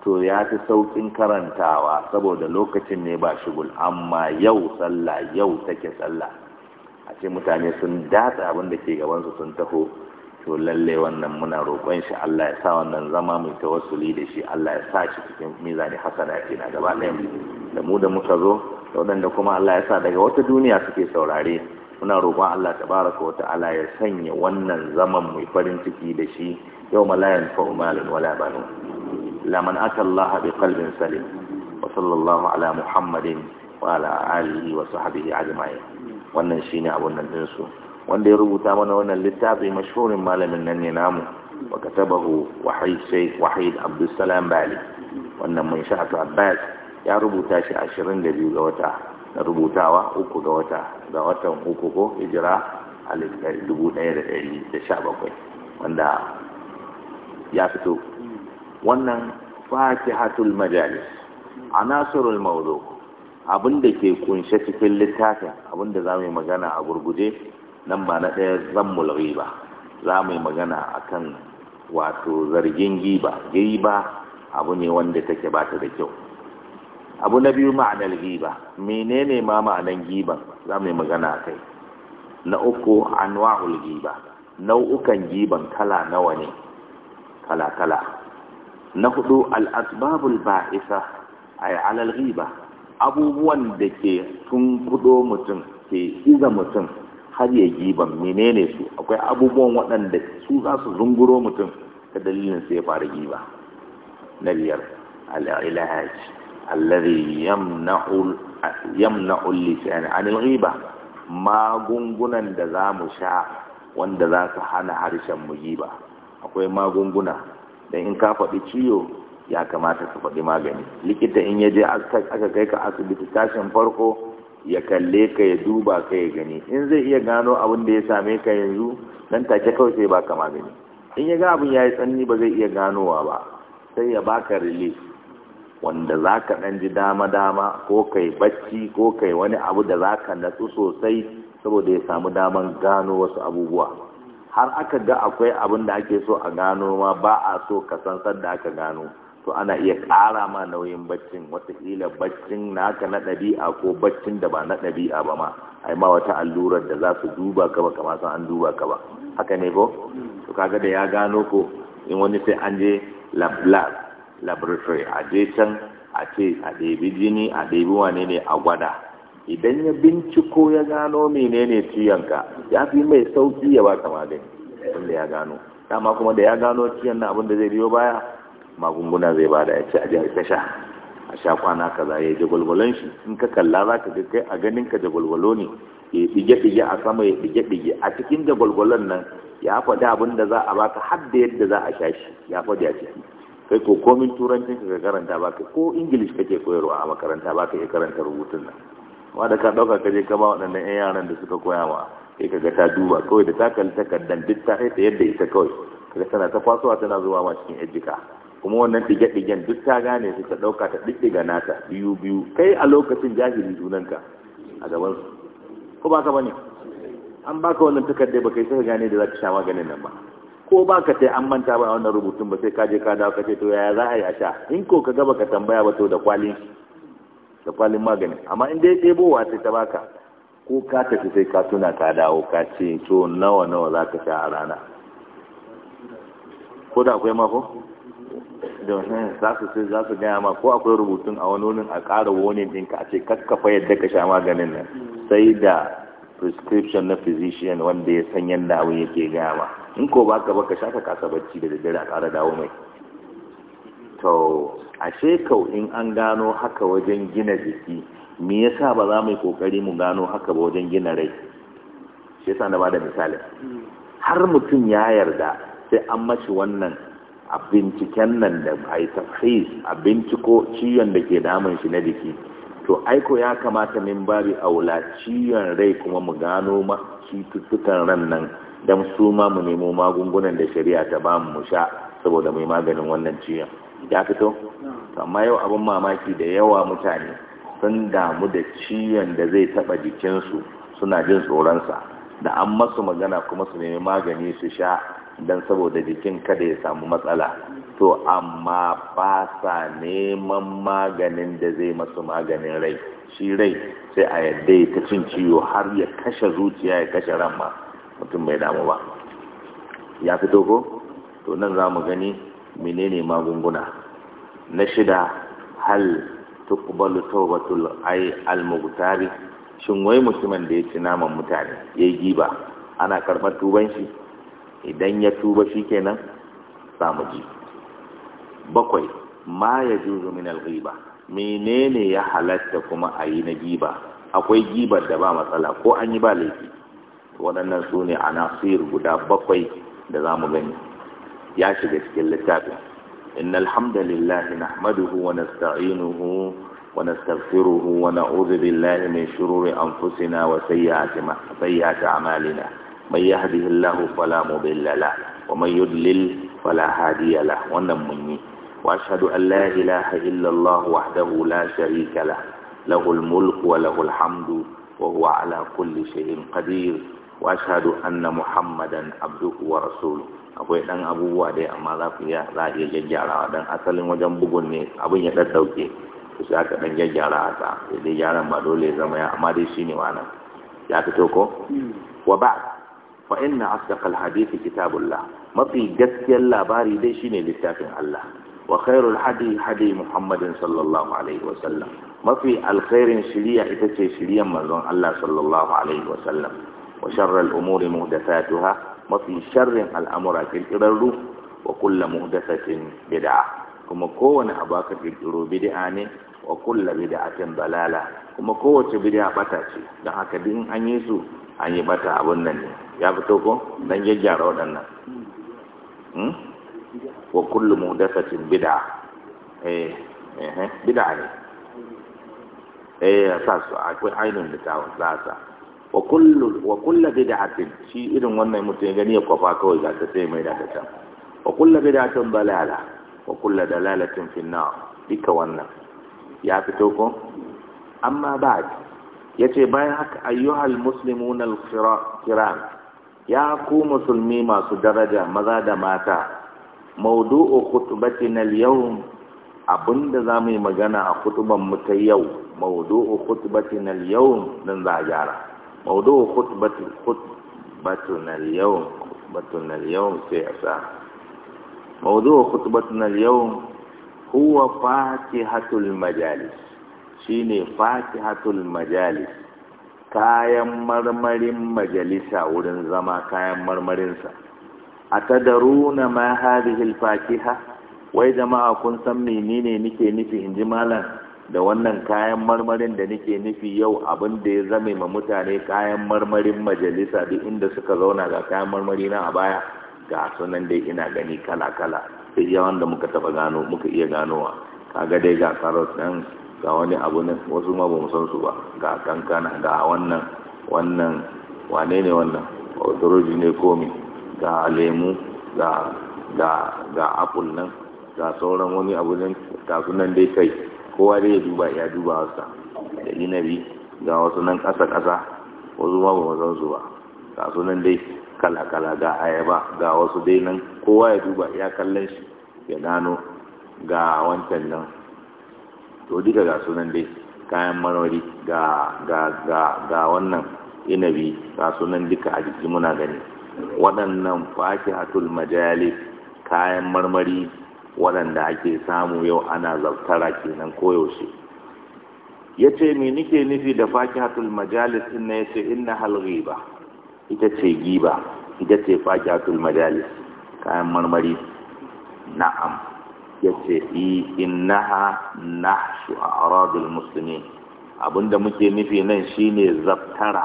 to ya fi saukin karantawa saboda lokacin ne ba shigul amma yau sallah yau take sallah a ce mutane sun datsa abin da ke gabansu sun taho to lalle wannan muna roƙon shi Allah ya sa wannan zama mai tawassuli da shi Allah ya sa shi cikin mizani hasana ke na gaba ɗaya da mu da muka zo da waɗanda kuma Allah ya sa daga wata duniya suke saurare muna roƙon Allah tabaraka wa ta'ala ya sanya wannan zaman mai farin ciki da shi yau malayan fa'u malin wala banu laman ata Allah bi qalbin salim wa sallallahu ala Muhammadin wa ala alihi wa sahbihi ajma'in wannan shine abun nan din su wanda ya rubuta mana wannan littafi mashhurin malamin nan ne namu wa katabahu wahid sheikh wahid abdussalam bali wannan mun sha abbas ya rubuta shi 22 ga wata na rubutawa uku ga wata ga watan uku ko hijira a 1117 wanda ya fito wannan fatihatul majalis anasirul mawdu abinda ke kunshe cikin littafin abinda mu yi magana a gurguje nan ba na ɗaya zammul ba, za mu yi magana kan wato zargin giba giba abu ne wanda take ba ta da kyau abu na biyu ma'anar giba menene ma ma'anar giban za mu yi magana a kai na uku anwa'ul giba nau'ukan giban kala nawa ne kala kala na hudu al'asbabul ba'isa yi alal giba abubuwan da ke tun kudo mutum ke iza mutum har ya giban menene su akwai abubuwan waɗanda su za su zunguro mutum ta dalilin sai ya fara giba na biyar al-ilaj alladhi yamna'u anil ghiba magungunan da za mu sha wanda za su hana harshen mu giba akwai magunguna da in ka faɗi ciwo ya kamata ka faɗi magani likita in ya je aka kai ka asibiti tashin farko ya kalle ka ya duba ka ya gani in zai iya gano abin da ya same ka yanzu nan take kawai sai baka magani in ya ga abin ya yi tsanani ba zai iya ganowa ba sai ya baka relief wanda za ka ɗan ji dama-dama ko kai bacci ko kai wani abu da za ka natsu sosai saboda ya samu daman gano wasu abubuwa har aka ga akwai abin da ake so a gano ma ba a so ka san sadda aka gano to ana iya ƙara ma nauyin baccin wataƙila baccin naka na ɗabi'a ko baccin da ba na ɗabi'a ba ma ai ma wata allurar da za su duba ka ba kamar san an duba ka ba haka ne ko to kaga da ya gano ko in wani sai an je lab lab laboratory a je can a ce a ɗebi jini a ɗebi wane ne a gwada idan ya binciko ya gano menene ciyanka ya fi mai sauki ya baka magani da ya gano dama kuma da ya gano ciyan na abin da zai biyo baya magunguna zai bada ya ce a jihar ta sha a sha kwana kaza ya jagwalgwalon shi in ka kalla za ka ga kai a ganin ka jagwalwalo ne ya ɗige-ɗige a sama ya ɗige-ɗige a cikin jagwalgwalon nan ya faɗi abin da za a baka har da yadda za a sha shi ya faɗi a ciki kai ko komin turancin ka karanta ba ka ko ingilish kake koyarwa a makaranta ba ka iya karanta rubutun nan ma da ka ɗauka ka je ka ba waɗannan 'yan yaran da suka koya ma kai ka ga ta duba kawai da ta kalli takardar duk ta haifa yadda ita kawai kaga tana ta fasowa tana zuwa ma cikin ejika kuma wannan ɗige-ɗigen duk ta gane su ta ɗauka ta ɗiɗɗiga nata biyu biyu kai a lokacin jahili sunanka a gaban ko ba ka bane an ba ka wannan takardar ba kai saka gane da za ka sha maganin nan ba ko ba ka tai an manta ba a wannan rubutun ba sai ka je ka dawo ka ce to yaya za a yi a sha in ko ka gaba ka tambaya ba to da kwalin da kwalin maganin amma in dai ɗebowa sai ta baka ko ka tafi sai ka tuna ka dawo ka ce to nawa nawa za ka sha a rana ko da akwai mako domin za su ce za su gaya ma ko akwai rubutun a wani wunin a ƙara wani ɗinka a ce kakkafa yadda ka sha maganin nan sai da prescription na physician wanda ya san yadda abin yake gaya ma in ko ba ka baka sha ka kasa bacci da daddare a ƙara dawo mai to ashe shekau in an gano haka wajen gina jiki me yasa ba za mu yi kokari mu gano haka ba wajen gina rai shi yasa na bada misali mm. har mutum ya yarda sai an mashi wannan a binciken nan da a yi tafhis a binciko ciyon da ke damun shi na jiki to aiko ya kamata min babi aula ciyon rai kuma mu gano ma cututtukan ran nan don su ma mu nemo magungunan da shari'a ta ba mu sha saboda mai maganin wannan ciyon ya fito amma yau abin mamaki da yawa mutane sun damu da ciyon da zai taba jikinsu suna jin tsoronsa da an masu magana kuma su nemi magani su sha don saboda jikin kada ya samu matsala to amma ba sa neman maganin da zai masu maganin rai shi rai sai a yadda ya ta cin ciwo har ya kashe zuciya ya kashe ran ma mutum mai damu ba ya fito ko to nan za mu gani menene magunguna na shida hal tuqbalu tawbatul ay al mugtari shin wai mutumin da ya ci naman mutane yayi giba ana karɓar tuban shi idan ya tuba shi kenan samu ji bakwai ma ya juzu min alghiba menene ya halatta kuma a yi na giba akwai gibar da ba matsala ko an yi ba laifi waɗannan su ne a nasir guda bakwai da za mu gani ya shiga cikin littafin Inna wa nasta'inuhu wa nastaghfiruhu wa na'udhu billahi min shururi anfusina wa sayyiati amalina من يهده الله فلا مضل له ومن يضلل فلا هادي له ونمني وأشهد أن لا إله إلا الله وحده لا شريك له له الملك وله الحمد وهو على كل شيء قدير وأشهد أن محمدا عبده ورسوله akwai dan abubuwa dai amma za ku iya za a iya gyaggyarawa dan asalin wajen bugun ne abin ya ɗaɗɗauke ku sai aka dan gyaggyara ta sai dai gyaran ba dole zama ya amma dai wa nan. ya fito ko wa ba fa’ina a sakal hadithi kitabullah mafi gaskiyar labari dai shine littafin Allah wa hadi hadi muhammadin sallallahu alaihi wasallam mafi alkhairin shiriya ita ce shiryan mazan Allah sallallahu alaihi wasallam wa sharar umuri muhdasatuha mafi sharrin al’amura kirkirarru wa kulla muhdasatin bida'a kuma kowane abu aka kirkiro bida'a ne wa kulla bida'atin balala kuma kowace bida'a bata ce don haka din an yi su an yi bata abin nan ne ya fito ko dan gyaggyara waɗannan hmm? wa kullu muhdathatin bid'a eh eh, eh bid'a ne eh sa su akwai ainihin da ta wasa wa kullum bida kullu shi irin wannan mutum ya gani ya kwafa kawai ga ta sai mai da ta can wa kullu bid'atin balala wa kullum dalalatin fi duka wannan ya fito ko amma ba yace bayan haka ayyuhal muslimuna al kiran ya ku musulmi masu daraja maza da mata mawdu'u khutbatin al-yawm abinda zamu yi magana a khutban mu ta yau mawdu'u khutbatin al-yawm dan za a gyara mawdu'u khutbatin khutbatin al-yawm khutbatin al-yawm sai asa mawdu'u khutbatin al-yawm huwa fatihatul majalis shine fatihatul majalis kayan marmarin majalisa wurin zama kayan marmarinsa a tadaruna ma hadhihi al-fakiha wai jama'a kun san menene nike nufi in ji malam da wannan kayan marmarin da nike nufi yau abin da ya zame ma mutane kayan marmarin majalisa duk inda suka zauna ga kayan marmari na a baya ga sunan da ina gani kala kala sai ya wanda muka taba gano muka iya ganowa kaga dai ga karot ga wani abu ne wasu ma ba mu san su ba ga kankana ga wannan wannan wane ne wannan oturoji ne komi ga lemu ga ga ga apul nan ga sauran wani abu nan ga sunan dai kai kowa dai ya duba ya duba wasa da inabi ga wasu nan ƙasa ƙasa wasu ma ba mu san su ba ga sunan dai kala kala ga ayaba ga wasu dai nan kowa ya duba ya kallon shi ya gano ga wancan nan to duka ga sunan dai kayan marmari ga wannan inabi ga sunan duka a jiki muna gani waɗannan fakihatul majalis kayan marmari waɗanda ake samu yau ana zartara kenan koyaushe ya ce me nike nufi da fakihatul majalis din na ya ce inna hal ita ce giba ita ce fakihatul majalis kayan marmari na'am ya ce innaha nahsu aradul musulmi abinda muke nufi nan shine zaftara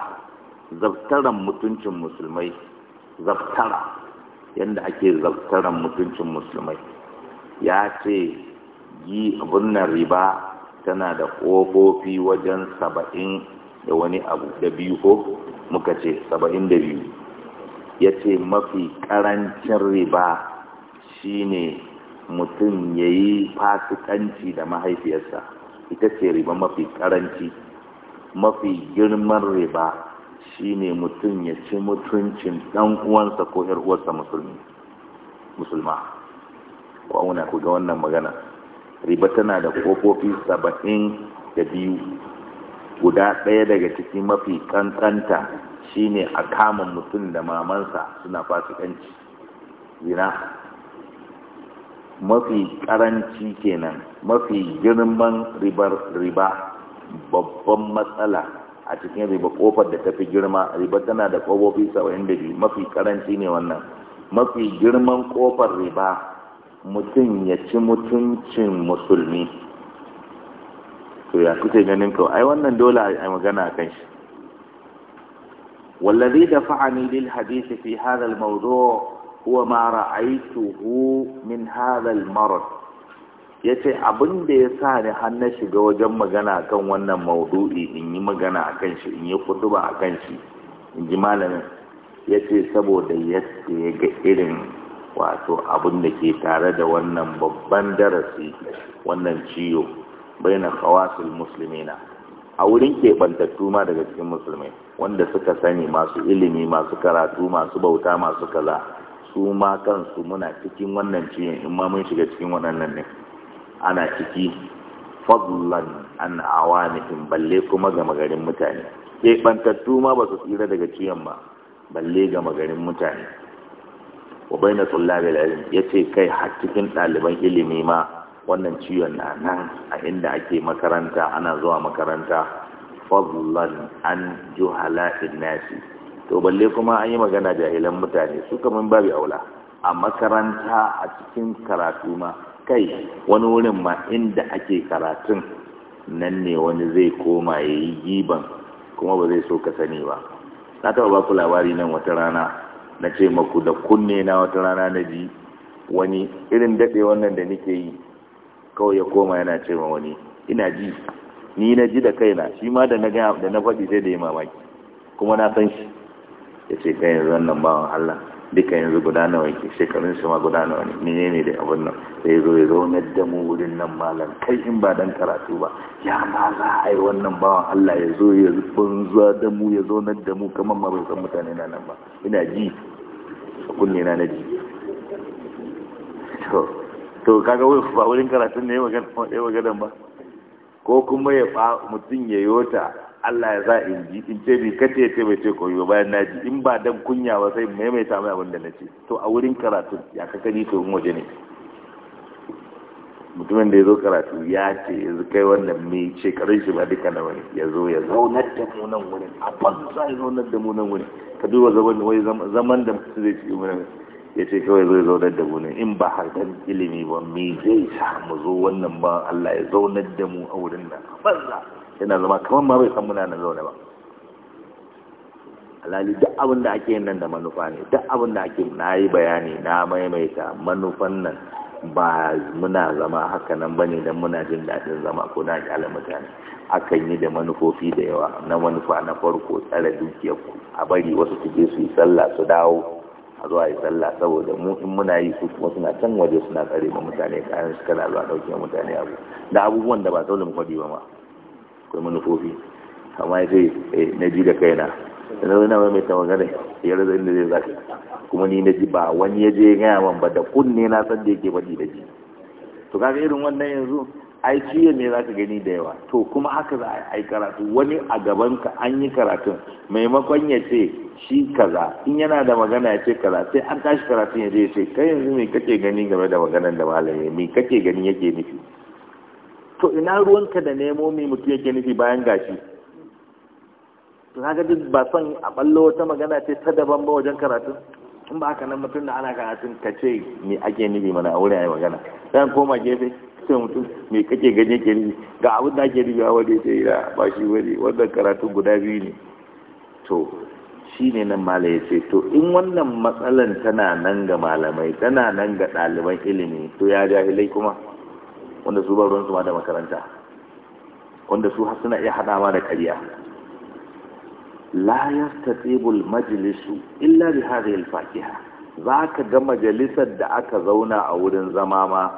zaftaran mutuncin musulmai zaftara yadda ake zaftaran mutuncin musulmai ya ce yi abin riba tana da ƙofofi wajen saba'in da wani abu da biyu ko muka ce saba'in da biyu ya mafi ƙarancin riba shine mutum ya yi fasikanci da mahaifiyarsa ita ce riba mafi karanci mafi girman riba shine mutum ya ci mutuncin ɗan uwansa ko ‘yar uwarsa musulma ku auna ku ga wannan magana riba tana da kofofi saba'in da biyu guda ɗaya daga ciki mafi ƙanƙanta shine a kama mutum da mamansa suna fasikanci zina mafi karanci kenan mafi girman ribar riba babban matsala a cikin riba kofar da tafi girma riba tana da kwabobi saba'in da biyu mafi karanci ne wannan mafi girman kofar riba mutum ya ci mutuncin musulmi to ya kuke ganin kawai ai wannan dole a magana a kan shi wallazi da fa'ani lil hadisi fi huwa ma ra'aituhu min hadha al-marad yace abin da ya sa ni har na shiga wajen magana kan wannan maudu'i in yi magana akan shi in yi kutuba akan shi in ji malamin yace saboda yadda ya ga irin wato abin da ke tare da wannan babban darasi wannan ciyo baina khawasil muslimina a wurin keɓantattu ma daga cikin musulmai wanda suka sani masu ilimi masu karatu masu bauta masu kaza su ma kansu muna cikin wannan ciwon in ma mun shiga cikin waɗannan ne ana ciki fadlan an awamihim balle kuma ga magarin mutane ke bantattu ma ba su tsira daga ciyan ba balle ga magarin mutane wa bayna tullabil ilm yace kai har cikin ɗaliban ilimi ma wannan ciwon na nan a inda ake makaranta ana zuwa makaranta fadlan an juhala'in nasi to balle kuma an yi magana jahilan mutane su kaman babu aula a makaranta a cikin karatu ma kai wani wurin ma inda ake karatun nan ne wani zai koma ya yi giban kuma ba zai so ka sani ba na taɓa ba ku labari nan wata rana na ce maku da kunne na wata rana na ji wani irin daɗe wannan da nake yi kawai ya koma yana ce ma wani ina ji ni na ji da kaina shi ma da na faɗi sai da ya mamaki kuma na san shi ya ce kai yanzu wannan bawan Allah duka yanzu guda nawa yake shekarun shi ma guda nawa ne mene ne da abin nan da ya zo ya zo na mu wurin nan malam kai in ba dan karatu ba ya ma za a yi wannan bawan Allah ya zo ya banza zuwa damu, ya zo na mu kamar ma bai san mutane na nan ba ina ji a kunne na na ji to kaga wai ba wurin karatun ne ya magana ba ko kuma ya mutum ya yota Allah ya za in ji in ce bi kace ce bai ce koyo bayan na ji in ba dan kunya ba sai maimaita mai abin da na ce to a wurin karatu ya ka gani to in waje ne mutumin da ya zo karatu ya ce yanzu kai wannan me ce karin shi ba duka na wani ya zo ya na da mu nan wurin a banza ya na da mu nan wurin ka duba zaman wai zaman da mutum zai ci mu ya ce kawai zo zaunar da mu nan in ba har dan ilimi ba me zai sa mu zo wannan ba Allah ya na da mu a wurin nan banza yana zama kamar ma bai san muna nan zaune ba alhali duk abin da ake nan da manufa ne duk abin da ake na yi bayani na maimaita manufan nan ba muna zama haka nan ba ne don muna jin daɗin zama ko na ƙyala mutane akan yi da manufofi da yawa na manufa na farko tsara dukiyar ku a bari wasu su je su yi sallah su dawo a zuwa yi sallah saboda mu in muna yi su kuma suna can waje suna tsare ma mutane kayan su kana zuwa ɗauke mutane abu da abubuwan da ba dole mu faɗi ba ma akwai manufofi amma ya ce eh, na ji da kaina da na zana mai ta magana ya rasa inda zai zafi kuma ni na ji ba wani ya je gaya man ba da kunne na san da yake faɗi da ji to kaga irin wannan yanzu ai ciye ne zaka gani da yawa to kuma haka za a yi karatu wani a gaban ka an yi karatun maimakon ya ce shi kaza in yana da magana ya ce kaza sai an tashi karatun ya je ya ce kai yanzu me kake gani game da maganar da malami me kake gani yake nufi to ina ruwanka da nemo mai mutu yake nufi bayan gashi to haka duk ba son a ballo wata magana ce ta daban ba wajen karatu in ba haka nan mutum da ana karatun ka ce mai ake nufi mana a wurin ayi magana zan koma gefe sai mutum mai kake gani ke nufi ga abin da ake nufi a wani ce ya ba shi wani wannan karatu guda biyu ne to shi ne nan mala ya ce to in wannan matsalan tana nan ga malamai tana nan ga ɗaliban ilimi to ya jahilai kuma wanda su ba ruwansu ma da makaranta wanda su suna iya haɗa da ƙarya la yastatibul majlisu illa bi hadhihi al zaka ga majalisar da aka zauna a wurin zama ma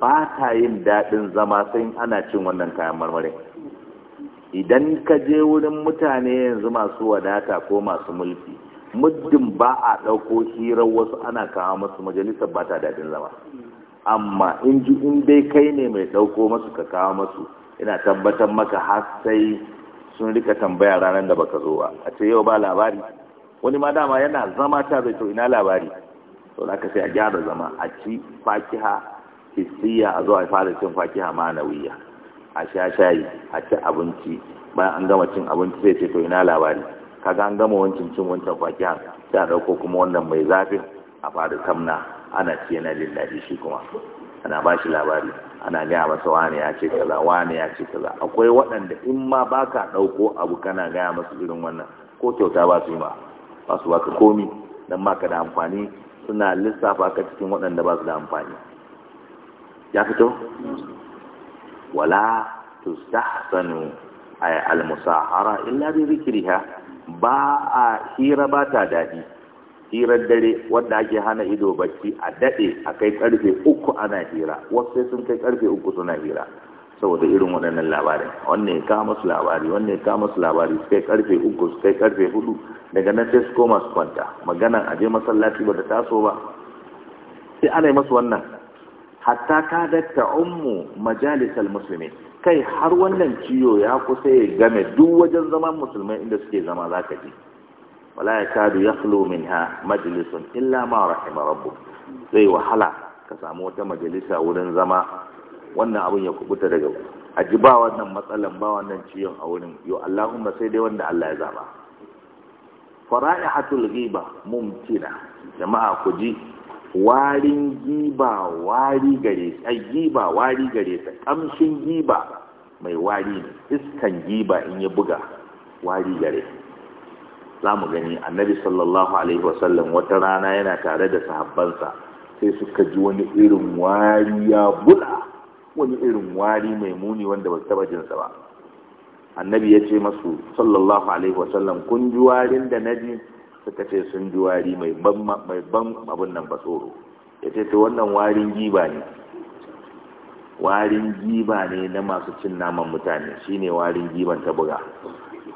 ba ta yin daɗin zama sai ana cin wannan kayan marmarin idan ka je wurin mutane yanzu masu wadata ko masu mulki muddin ba a dauko hirar wasu ana kawo masu majalisar ba ta daɗin zama amma in ji in dai kai ne mai ɗauko masu ka kawo masu ina tabbatar maka har sai sun rika tambaya ranar da baka zo ba a ce yau ba labari wani ma dama yana zama ta zai to ina labari to da sai a gyara zama a ci fakiha hisiya a zo a fara cin fakiha ma'anawiya a sha shayi a ci abinci bayan an gama cin abinci sai ce to ina labari kaga an gama wancan cin wancan fakiha sai a ɗauko kuma wannan mai zafin a faru samna ana ce na lillahi shi kuma ana ba shi labari ana gaya masa wane ya ce kaza wane ya ce kaza akwai waɗanda in ma ba ka ɗauko abu kana gaya masu irin wannan ko kyauta ba su yi ma ba su baka komi don ma ka da amfani suna lissafa ka cikin waɗanda ba su da amfani ya fito wala tustahsanu ay al-musahara illa bi zikriha ba a hira ba ta daɗi hirar dare wanda ake hana ido bacci a daɗe a kai karfe uku ana hira wasu sai sun kai karfe uku suna hira saboda irin waɗannan labarin wanne ya kawo masu labari wanne ya masu labari su kai karfe uku su kai karfe hudu daga nan sai su koma su kwanta maganan aje masallaci ba ta taso ba sai ana yi masu wannan hatta ka datta ummu majalisal musulmi kai har wannan ciwo ya kusa ya game duk wajen zaman musulmai inda suke zama za ka je wala ya kadu ya flo min ha majalisun illa ma rahima rabbu zai wahala ka samu wata majalisa wurin zama wannan abin ya kubuta daga aji ba wannan matsalan ba wannan ciwon a wurin yau allahumma sai dai wanda allah ya zaba fara'ihatul ghiba mumtina jama'a ku ji warin giba wari gare ta giba wari gare ta kamshin giba mai wari ne iskan giba in ya buga wari gare ta za mu gani annabi sallallahu alaihi wasallam wata rana yana tare da sahabbansa sai suka ji wani irin wari ya bula wani irin wari mai muni wanda ba taba jinsa ba annabi ya ce masu sallallahu alaihi wasallam kun ji warin da na ji suka ce sun ji wari mai ban abin nan ba tsoro ya ce ta wannan warin giba ne warin giba ne na masu cin naman mutane shine warin giban ta buga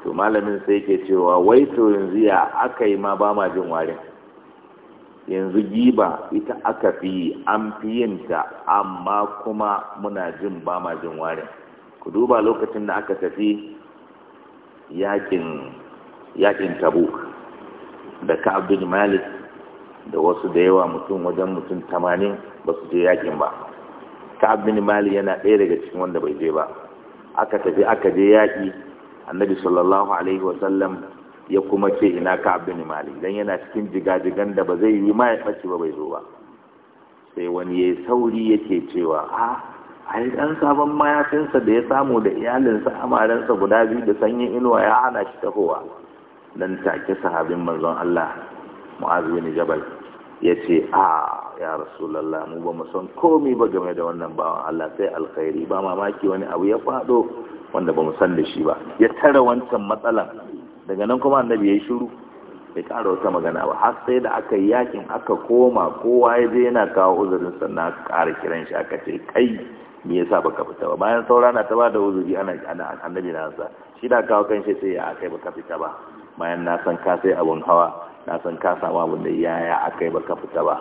to malamin sai ke cewa wai to yanzu ya aka yi ma ba ma jin warin yanzu giba ita aka fi an fi yinta amma kuma muna jin ba ma jin warin ku duba lokacin da aka tafi yakin tabu da ka abin malik da wasu da yawa mutum wajen mutum tamanin ba su je yakin ba Ka abin malik yana ɗaya daga cikin wanda bai je ba aka tafi aka je yaki annabi sallallahu alaihi wa sallam ya kuma ce ina ka abin mali dan yana cikin jigajigan da ba zai yi ma ya ba bai zo ba sai wani ya sauri yake cewa a ai dan sabon mayafinsa da ya samu da iyalinsa amaransa guda biyu da sanyin inuwa ya hana shi tahowa dan take sahabin manzon Allah Mu'az bin Jabal ya ce a ya rasulullah mu ba mu san komai ba game da wannan bawan Allah sai alkhairi ba mamaki wani abu ya fado wanda ba mu san da shi ba ya tara wancan matsalan daga nan kuma annabi ya shiru bai ƙara wata magana ba har sai da aka yi yakin aka koma kowa ya je yana kawo uzurin sannan aka ƙara kiran shi aka ce kai me yasa baka fita ba bayan saura na ta ba da uzuri ana annabi na sa shi da kawo kan shi sai ya kai baka fita ba bayan na san ka sai abun hawa na san ka samu abun da yaya akai baka fita ba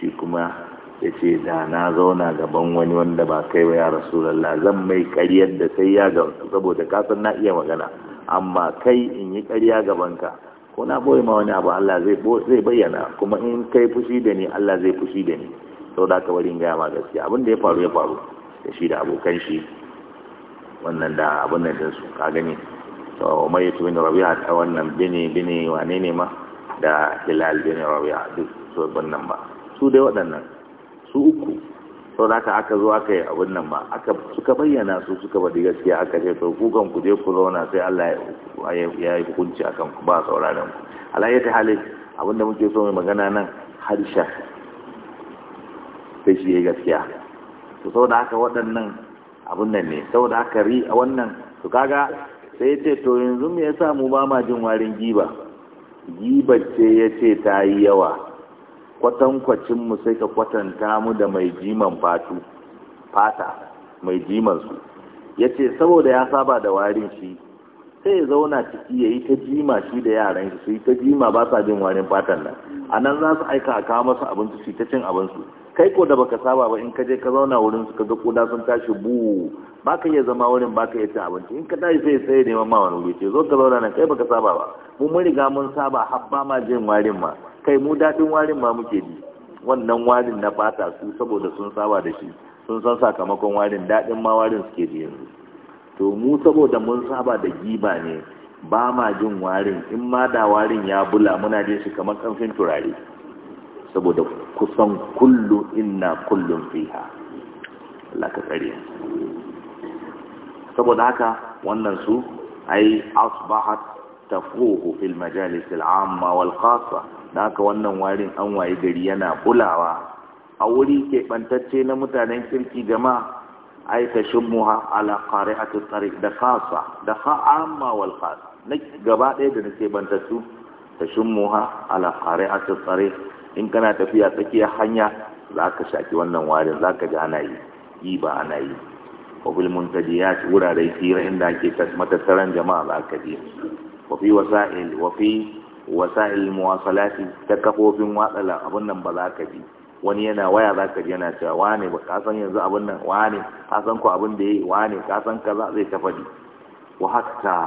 shi kuma ya ce da na zauna gaban wani wanda ba kai ba ya rasulallah zan mai karyar da sai ya ga saboda kasan na iya magana amma kai in yi karya gaban ka ko na boye ma wani abu Allah zai bayyana kuma in kai fushi da ni Allah zai fushi da ni sau da aka warin gaya ma gaskiya abin ya faru ya faru da shi da abokan shi wannan da abin nan su ka gani to mai yato bin rabi'a ta wannan bini bini wane ne ma da hilal bin rabi'a duk so nan ba su dai waɗannan su uku sau da aka zo aka yi abin nan ba aka suka bayyana su suka bada gaskiya aka ce to kukan ku je ku zauna sai Allah ya yi hukunci akan ku ba sauraron ku alayyata hali abin da muke so mai magana nan harshen sai shi ya yi gaskiya to sau da aka waɗannan abin nan ne sau da aka ri a wannan to kaga sai ya ce to yanzu me yasa mu ba ma jin warin giba gibar ce ya ce ta yi yawa kwatankwacin mu sai ka kwatanta mu da mai jiman fatu fata mai jiman su yace saboda ya saba da warin shi sai ya zauna ciki yayi ta jima shi da yaran shi su yi ta jima ba sa jin warin fatan nan a nan za su aika a kawo masu abinci su ta cin abinsu kai ko da baka saba ba in ka je ka zauna wurin su ka ga koda sun tashi bu ba ka iya zama wurin ba ka iya cin abinci in ka tashi sai sai neman ma wani wuri ce zo ka zauna nan kai baka saba ba mun riga mun saba Habba ma jin warin ma kai mu daɗin warin ma muke ji wannan warin na fata su saboda sun saba da shi sun san sakamakon warin daɗin ma warin suke ji yanzu to mu saboda mun saba da giba ne ba ma jin warin in ma da warin ya bula muna jin shi kamar kamfin turare saboda kusan kullu inna kullum fiha Allah ka tsare saboda haka wannan su ai asbahat tafuhu fil majalis al amma wal khassa da haka wannan warin an waye gari yana bulawa a wuri keɓantacce na mutanen kirki jama'a ai ta shimmuha ala qari'ati tariq da khasa da kha'amma wal khas na gaba ɗaya da nake bantattu ta shimmuha ala qari'ati tariq in kana tafiya tsakiyar hanya za ka shaki wannan warin za ka ji ana yi yi ba ana yi ya muntajiyat wurare hira inda ake matattaran jama'a za ka je wa fi wasa'il wa fi wasa'il muwasalati ta kafofin watsala abin nan ba za ka ji wani yana waya za ka ji yana cewa wane ba ka san yanzu abin nan wane ka san ko abin da yayi wane ka san za zai ta faɗi wa hatta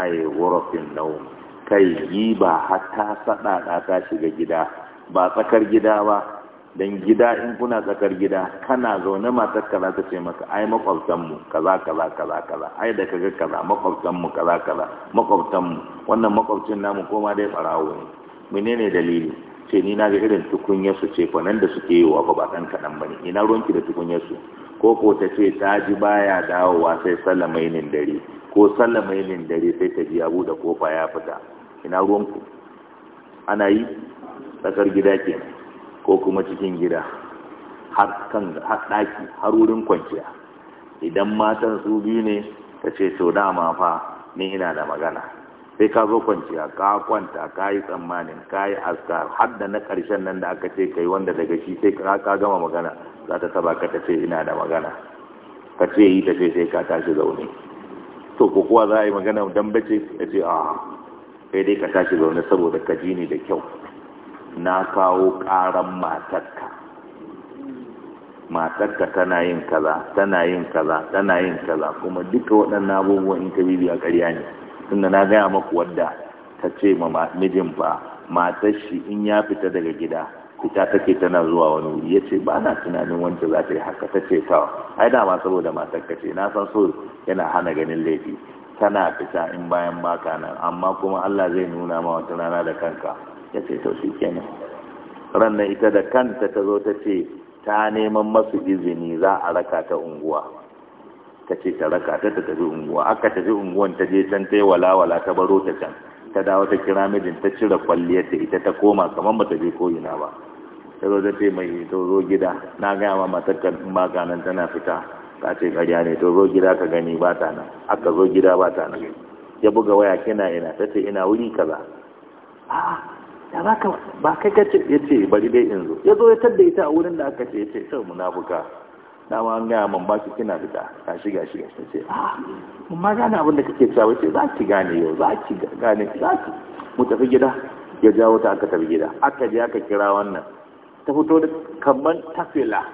ay ghurafin nawm kai yi ba hatta sadada ta shiga gida ba tsakar gida ba dan gida in kuna tsakar gida kana zaune matar kaza ta ce maka ai makwabtan mu kaza kaza kaza kaza ai da kaga kaza makwabtan mu kaza kaza makwabtan mu wannan makwabcin namu koma dai farawo ne menene dalili ce ni na ga irin tukunya su ce fa nan da suke yi wa ba dan kadan bane ina ruwanki da tukunyar su ko ko ta ce ta ji baya dawowa sai salamainin dare ko salamainin dare sai ta ji abu da kofa ya fita ina ruwanku ana yi tsakar gida kenan ko kuma cikin gida har kan har har wurin kwanciya idan matan su biyu ne ta ce to dama fa ni ina da magana sai ka zo kwanciya ka kwanta ka yi tsammanin ka yi askar har da na ƙarshen nan da aka ce ka yi wanda daga shi sai ka gama magana za ta saba ka ta ina da magana ka ce yi ta ce sai ka tashi zaune to ko kuwa za a yi magana don bace ta ce a kai dai ka tashi zaune saboda ka ji ni da kyau na kawo ƙaran matarka matarka tana yin kaza tana yin kaza tana yin kaza kuma duka waɗannan abubuwan in ka bibiya ƙarya ne tunda na gaya maku wadda ta ce ma mijin fa matar shi in ya fita daga gida fita take tana zuwa wani wuri ya ce ba na tunanin wanda za ta yi haka ta ce ta ai dama saboda matar ka ce na san so yana hana ganin laifi tana fita in bayan baka nan amma kuma Allah zai nuna ma wata rana da kanka ya ce to shi kenan rannan ita da kanta ta zo ta ce ta neman masu izini za a raka ta unguwa ta ce ta raka ta ta tafi unguwa aka tafi unguwan ta je can ta yi walawala ta baro ta can ta dawo ta kira mijin ta cire ta ita ta koma kamar ba ta je ina ba ta zo ta ce mai to zo gida na gaya ma matakar maganan tana fita ta ce karya ne to zo gida ka gani ba ta nan aka zo gida ba ta nan ya buga waya kina ina ta ce ina wuri kaza ah, da ba ka ba kai kace ya ce bari dai in zo ya zo ya tadda ita a wurin da aka ce ya ce muna munafuka na ma an gaya ba ki kina fita ka shiga shiga ta ce ah mun ma ga abin da kake cewa ce za ki gane yau za ki gane za ki mu tafi gida ya jawo ta aka tafi gida aka je aka kira wannan ta fito da kamar tafila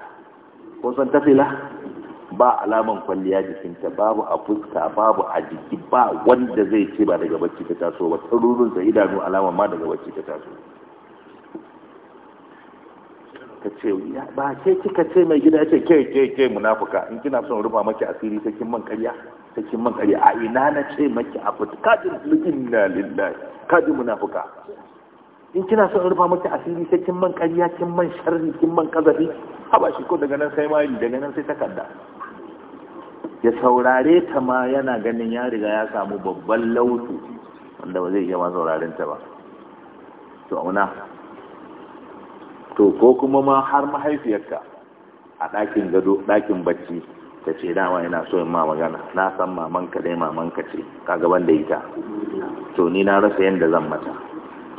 ko san tafila ba alaman kwalliya jikinta babu a fuska babu a jiki ba wanda zai ce ba daga bacci ta taso ba tsarurin ta idanu alaman ma daga bacci ta taso ta ce ba ke kika ce mai gida ce ke ke ke munafuka in kina son rufa maki asiri ta kin man karya ta kin man karya a ina na ce maki a fita kaji inna lillahi kadin munafuka in kina son rufa maki asiri ta kin man karya kin man sharri kin man kazafi haba shi ko daga nan sai mai daga nan sai takarda ya saurare ta ma yana ganin ya riga ya samu babban lautu wanda ba zai iya ma ta ba to auna to ko kuma ma har mahaifiyarka a ɗakin gado ɗakin bacci ta ce dama yana so in ma magana na san mamanka dai mamanka ce ka gaban da ita to ni na rasa yadda zan mata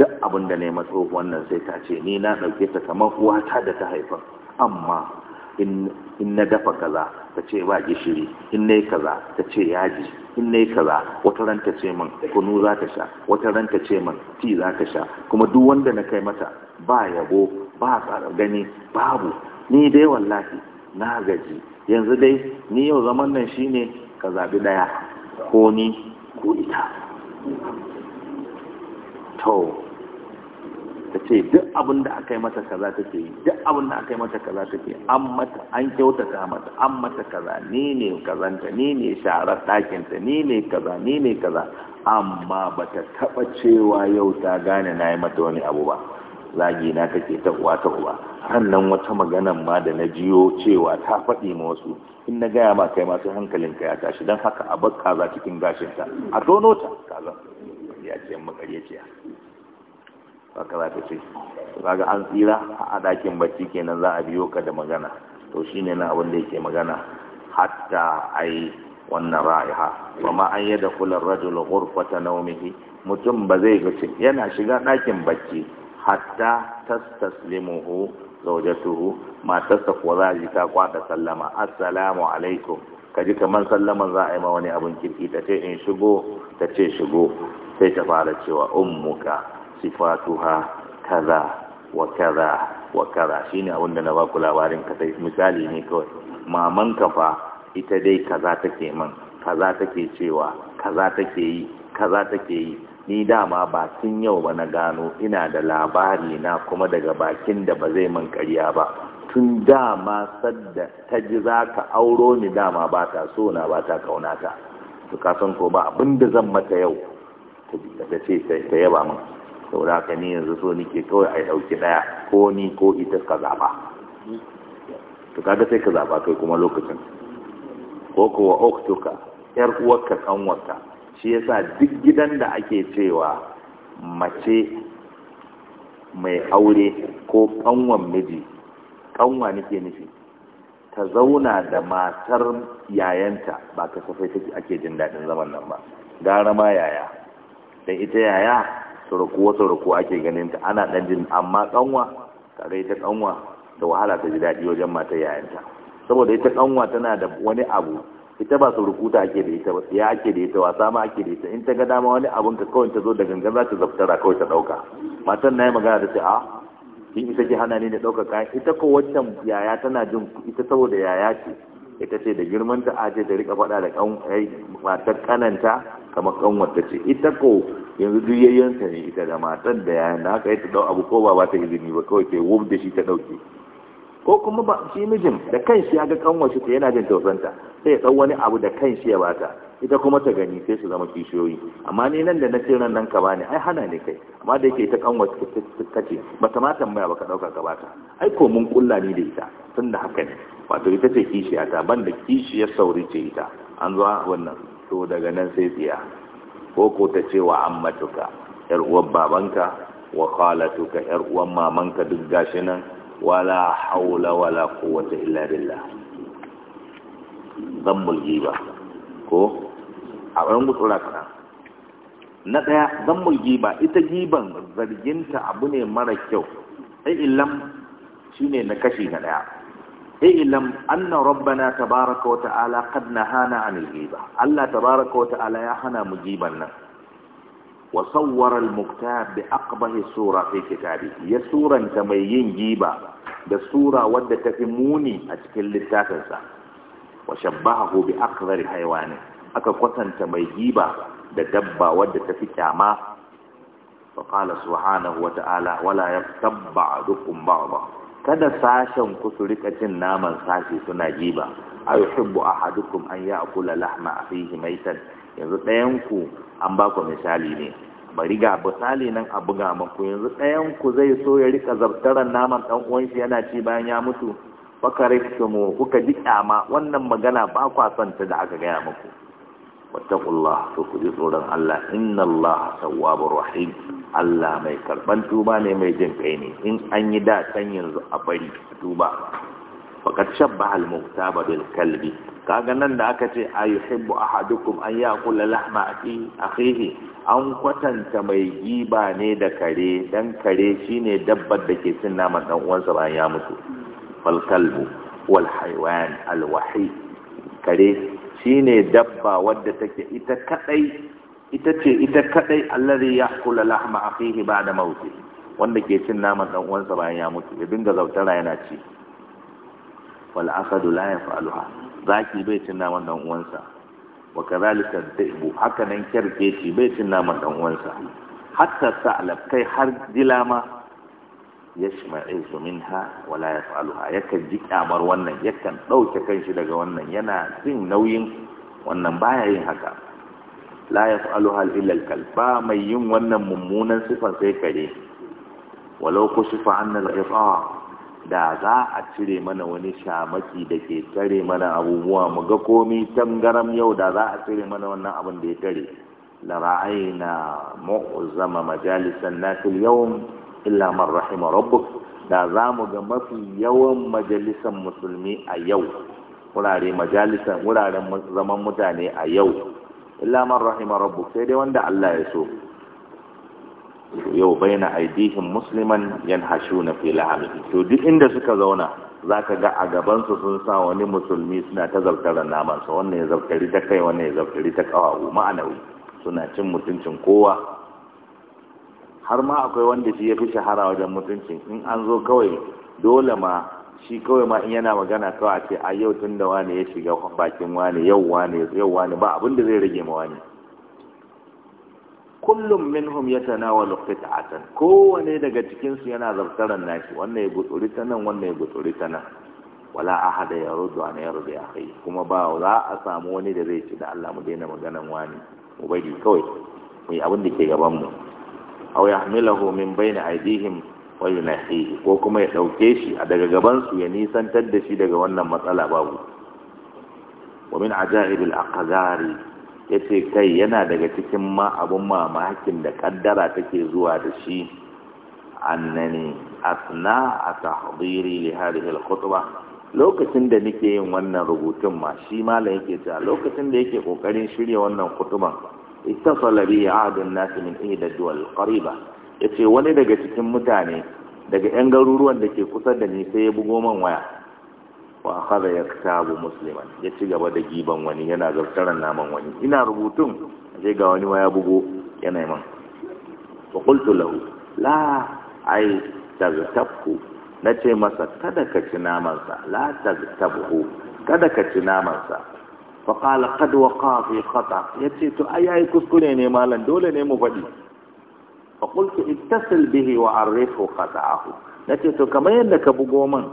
duk abinda da na yi matso wannan sai ta ce ni na ɗauke ta kamar uwata da ta haifa amma in na dafa kaza ta ce ba gishiri in na yi kaza ta ce yaji in na yi kaza wata ran ce min kunu za ta sha wata ran ta ce min ti za ta sha kuma duk wanda na kai mata ba yabo ba tsara gani babu ni dai wallahi na gaji yanzu dai ni yau zaman nan shine ka zaɓi ɗaya. ko ni ko ita to ta ce duk abin da aka yi mata kaza take yi duk abin da aka yi mata kaza take an mata an kyautata mata an mata kaza ni ne kazanta ni ne sharar ɗakinta ni ne kaza ni ne kaza amma ba ta taɓa cewa yau ta gane na yi mata wani abu ba zagi na take ta uwa ta uba nan wata maganan ma da na jiyo cewa ta faɗi ma wasu in na gaya ma kai masu hankalinka ya tashi don haka a bar kaza cikin gashinta a tono ta kaza ya ce makaryaciya haka za ka ce kaga an tsira a ɗakin bacci kenan za a biyo ka da magana to shine na abin da yake magana hatta ai wannan ra'iha wa ma an yada kullar rajul ghurfata naumihi mutum ba zai ga yana shiga ɗakin bacci hatta tastaslimuhu zaujatuhu matarsa kuwa za ji ta kwada sallama assalamu alaikum kaji kamar sallaman za a yi ma wani abin kirki ta ce in shigo ta ce shigo sai ta fara cewa ummuka sifatuha kaza wa kaza wa kaza shine abin da na ba ku labarin ka misali ne kawai maman ka fa ita dai kaza take min kaza take cewa kaza take yi kaza take yi ni dama ba tun yau ba na gano ina da labari na kuma daga bakin da ba zai min karya ba tun dama sadda ta ji za ka auro ni dama ba ta so na ba ta kauna ta to ka san ko ba abin da zan mata yau ta ce ta yaba min saboda ka ne yanzu so nike kawai a yi ɗauki ɗaya ko ni ko ita ka zaɓa to kaga sai ka zaɓa kai kuma lokacin ko kuwa oktuka yar uwarka kanwarka shi yasa duk gidan da ake cewa mace mai aure ko kanwan miji kanwa nake nufi ta zauna da matar yayanta ba ka kasafai take ake jin daɗin zaman nan ba gara ma yaya dan ita yaya sauraku surkuwa ake ganin ta ana dan amma kanwa kaga ita kanwa da wahala ta ji daɗi wajen mata yayanta saboda ita kanwa tana da wani abu ita ba ta ake da ita ba ya ake da ita wasa ma ake da ita in ta ga dama wani abun ka kawai ta zo da gangan za ta zaftara kawai ta ɗauka matan na yi magana da ta a ah, in ita ki hana ne da ɗauka kayan ita ko wancan yaya tana jin ita saboda yaya ce ita ce da girman a ce ta rika faɗa da matar kananta kamar kanwata ce ita ko yanzu duk yayyanta ne ita da matar da yayan da haka ta dau abu ko ba ba ta izini ba kawai ke wuf da shi ta ɗauke ko kuma ba shi mijin da kan shi ya ga ta yana jin tausanta sai ya ɗau wani abu da kan shi ya bata ita kuma ta gani sai su zama kishiyoyi amma ni nan da na ce nan nan ka bani ai hana ne kai amma da yake ita kanwace ta ce ba ta ma tambaya ba ka ɗauka ka bata ai ko mun kulla ni da ita tun da haka ne wato ita ce kishiya ta banda kishiyar sauri ce ita an zuwa wannan to daga nan sai tsiya ko ko ta ce wa matuka yar uwan babanka wa khalatuka yar uwan mamanka duk gashi nan wala haula wala kowace illa billah mulgi ba, ko a ran gutsura kana na daya mulgi ba ita giban zarginta abu ne mara kyau ai shi ne na kashi na daya ilam anna rabbana tabaraka wa ta'ala qad nahana 'anil ghiba Allah tabaraka wa ta'ala ya hana mu giban nan wa sawwara al-muktab bi aqbahi sura fi kitabi ya suranta mai yin giba da sura wadda tafi muni a cikin littafinsa wa shabbahu bi aqdhari haywani aka kwatanta mai giba da dabba wadda tafi kyama fa qala subhanahu wa ta'ala wala yaktab ba'dukum ba'dahu kada sashen ku su rika cin naman sashi suna jiba, a yuhibbu ahadukum an ya'kula lahma akhihi maitan yanzu dayanku an ba ku misali ne bari ga misali nan a buga maku yanzu ɗayan zai so ya rika zabtaran naman ɗan uwan shi yana ci bayan ya mutu mu kuka ji ma. wannan magana ba kwa son ta da aka gaya muku واتقوا الله فكذب رضا الله إن الله تواب رحيم Allah mai karban tuba ne mai jin kai ne in an yi da san yanzu a bari tuba fakat shabba al-muktaba bil kalbi kaga nan da aka ce a yuhibbu ahadukum an yaqula lahma akhihi an kwatanta mai giba ne da kare dan kare shine dabbar da ke cin naman dan uwansa bayan ya mutu fal kalbu wal haywan al wahi kare shine dabba wadda take ita kadai ita ce ita kadai allazi ya'kulu lahma akhihi ba'da mauti wanda ke cin naman dan uwansa bayan ya mutu ya dinga zautara yana ci wal asadu la yaf'aluha zaki bai cin naman dan uwansa wa kadhalika dhi'bu haka nan kerkeci bai cin naman dan uwansa hatta sa'lab kai har jilama yashma'izu minha wala yaf'aluha yakan ji kyamar wannan yakan dauke kanshi daga wannan yana jin nauyin wannan baya yin haka la yaf'aluha illa al kalba mai yin wannan mummunan sifar sai kare walau kushifa anna al ifa da za a cire mana wani shamaki da ke tare mana abubuwa mu ga komi tangaram yau da za a cire mana wannan abin da ya tare la ra'ayna mu'zama majalisan nasil yawm illa man rahima rabbuk da za mu ga mafi yawan majalisan musulmi a yau wurare wuraren zaman mutane a yau illa man rahima rabbuk sai dai wanda Allah ya so yau baina aidihim musliman yanhashuna fi lahamihi to duk inda suka zauna zaka ga a gaban su sun sa wani musulmi suna ta zartarar naman sa wannan ya zartari ta kai wannan ya zartari ta kawawu ma'anawi suna cin mutuncin kowa har ma akwai wanda shi ya fi shahara wajen mutunci in an zo kawai dole ma shi kawai ma in yana magana kawai a ce a yau tun da wani ya shiga bakin wani yau wani ba abin da zai rage ma wani kullum minhum ta qit'atan kowane daga cikinsu yana zartarar nashi wannan ya gutsuri ta nan wannan ya gutsuri ta nan wala ahada yaruddu an yarda ya kai kuma ba za a samu wani da zai ci da Allah mu daina maganan wani mu bari kawai mu yi abin da ke gaban mu aw yahmilahu min bayni aydihim wa yunahihi ko kuma ya dauke shi a daga gaban su ya nisantar da shi daga wannan matsala babu wa min ajaibil aqdari yace kai yana daga cikin ma abun mamakin da kaddara take zuwa da shi annani asna a tahdiri li hadhihi al khutbah lokacin da nake yin wannan rubutun ma shi malam yake cewa lokacin da yake kokarin shirya wannan khutban ittasala bihi ahadun nasi min ihda duwal qariba yace wani daga cikin mutane daga yan garuruwan da ke kusa da ni sai ya bugo man waya wa akhadha yaktabu musliman ya ci gaba da giban wani yana zartaran naman wani ina rubutun sai ga wani waya bugo yana yi man fa qultu lahu la ay tagtabku nace masa kada ka ci sa la kada ka ci namansa faƙala kad waqa fi khata yace to ai yayi kuskure ne malam dole ne mu faɗi fa qultu ittasil bihi wa arrifhu qata'ahu nace to kamar yadda ka bugo man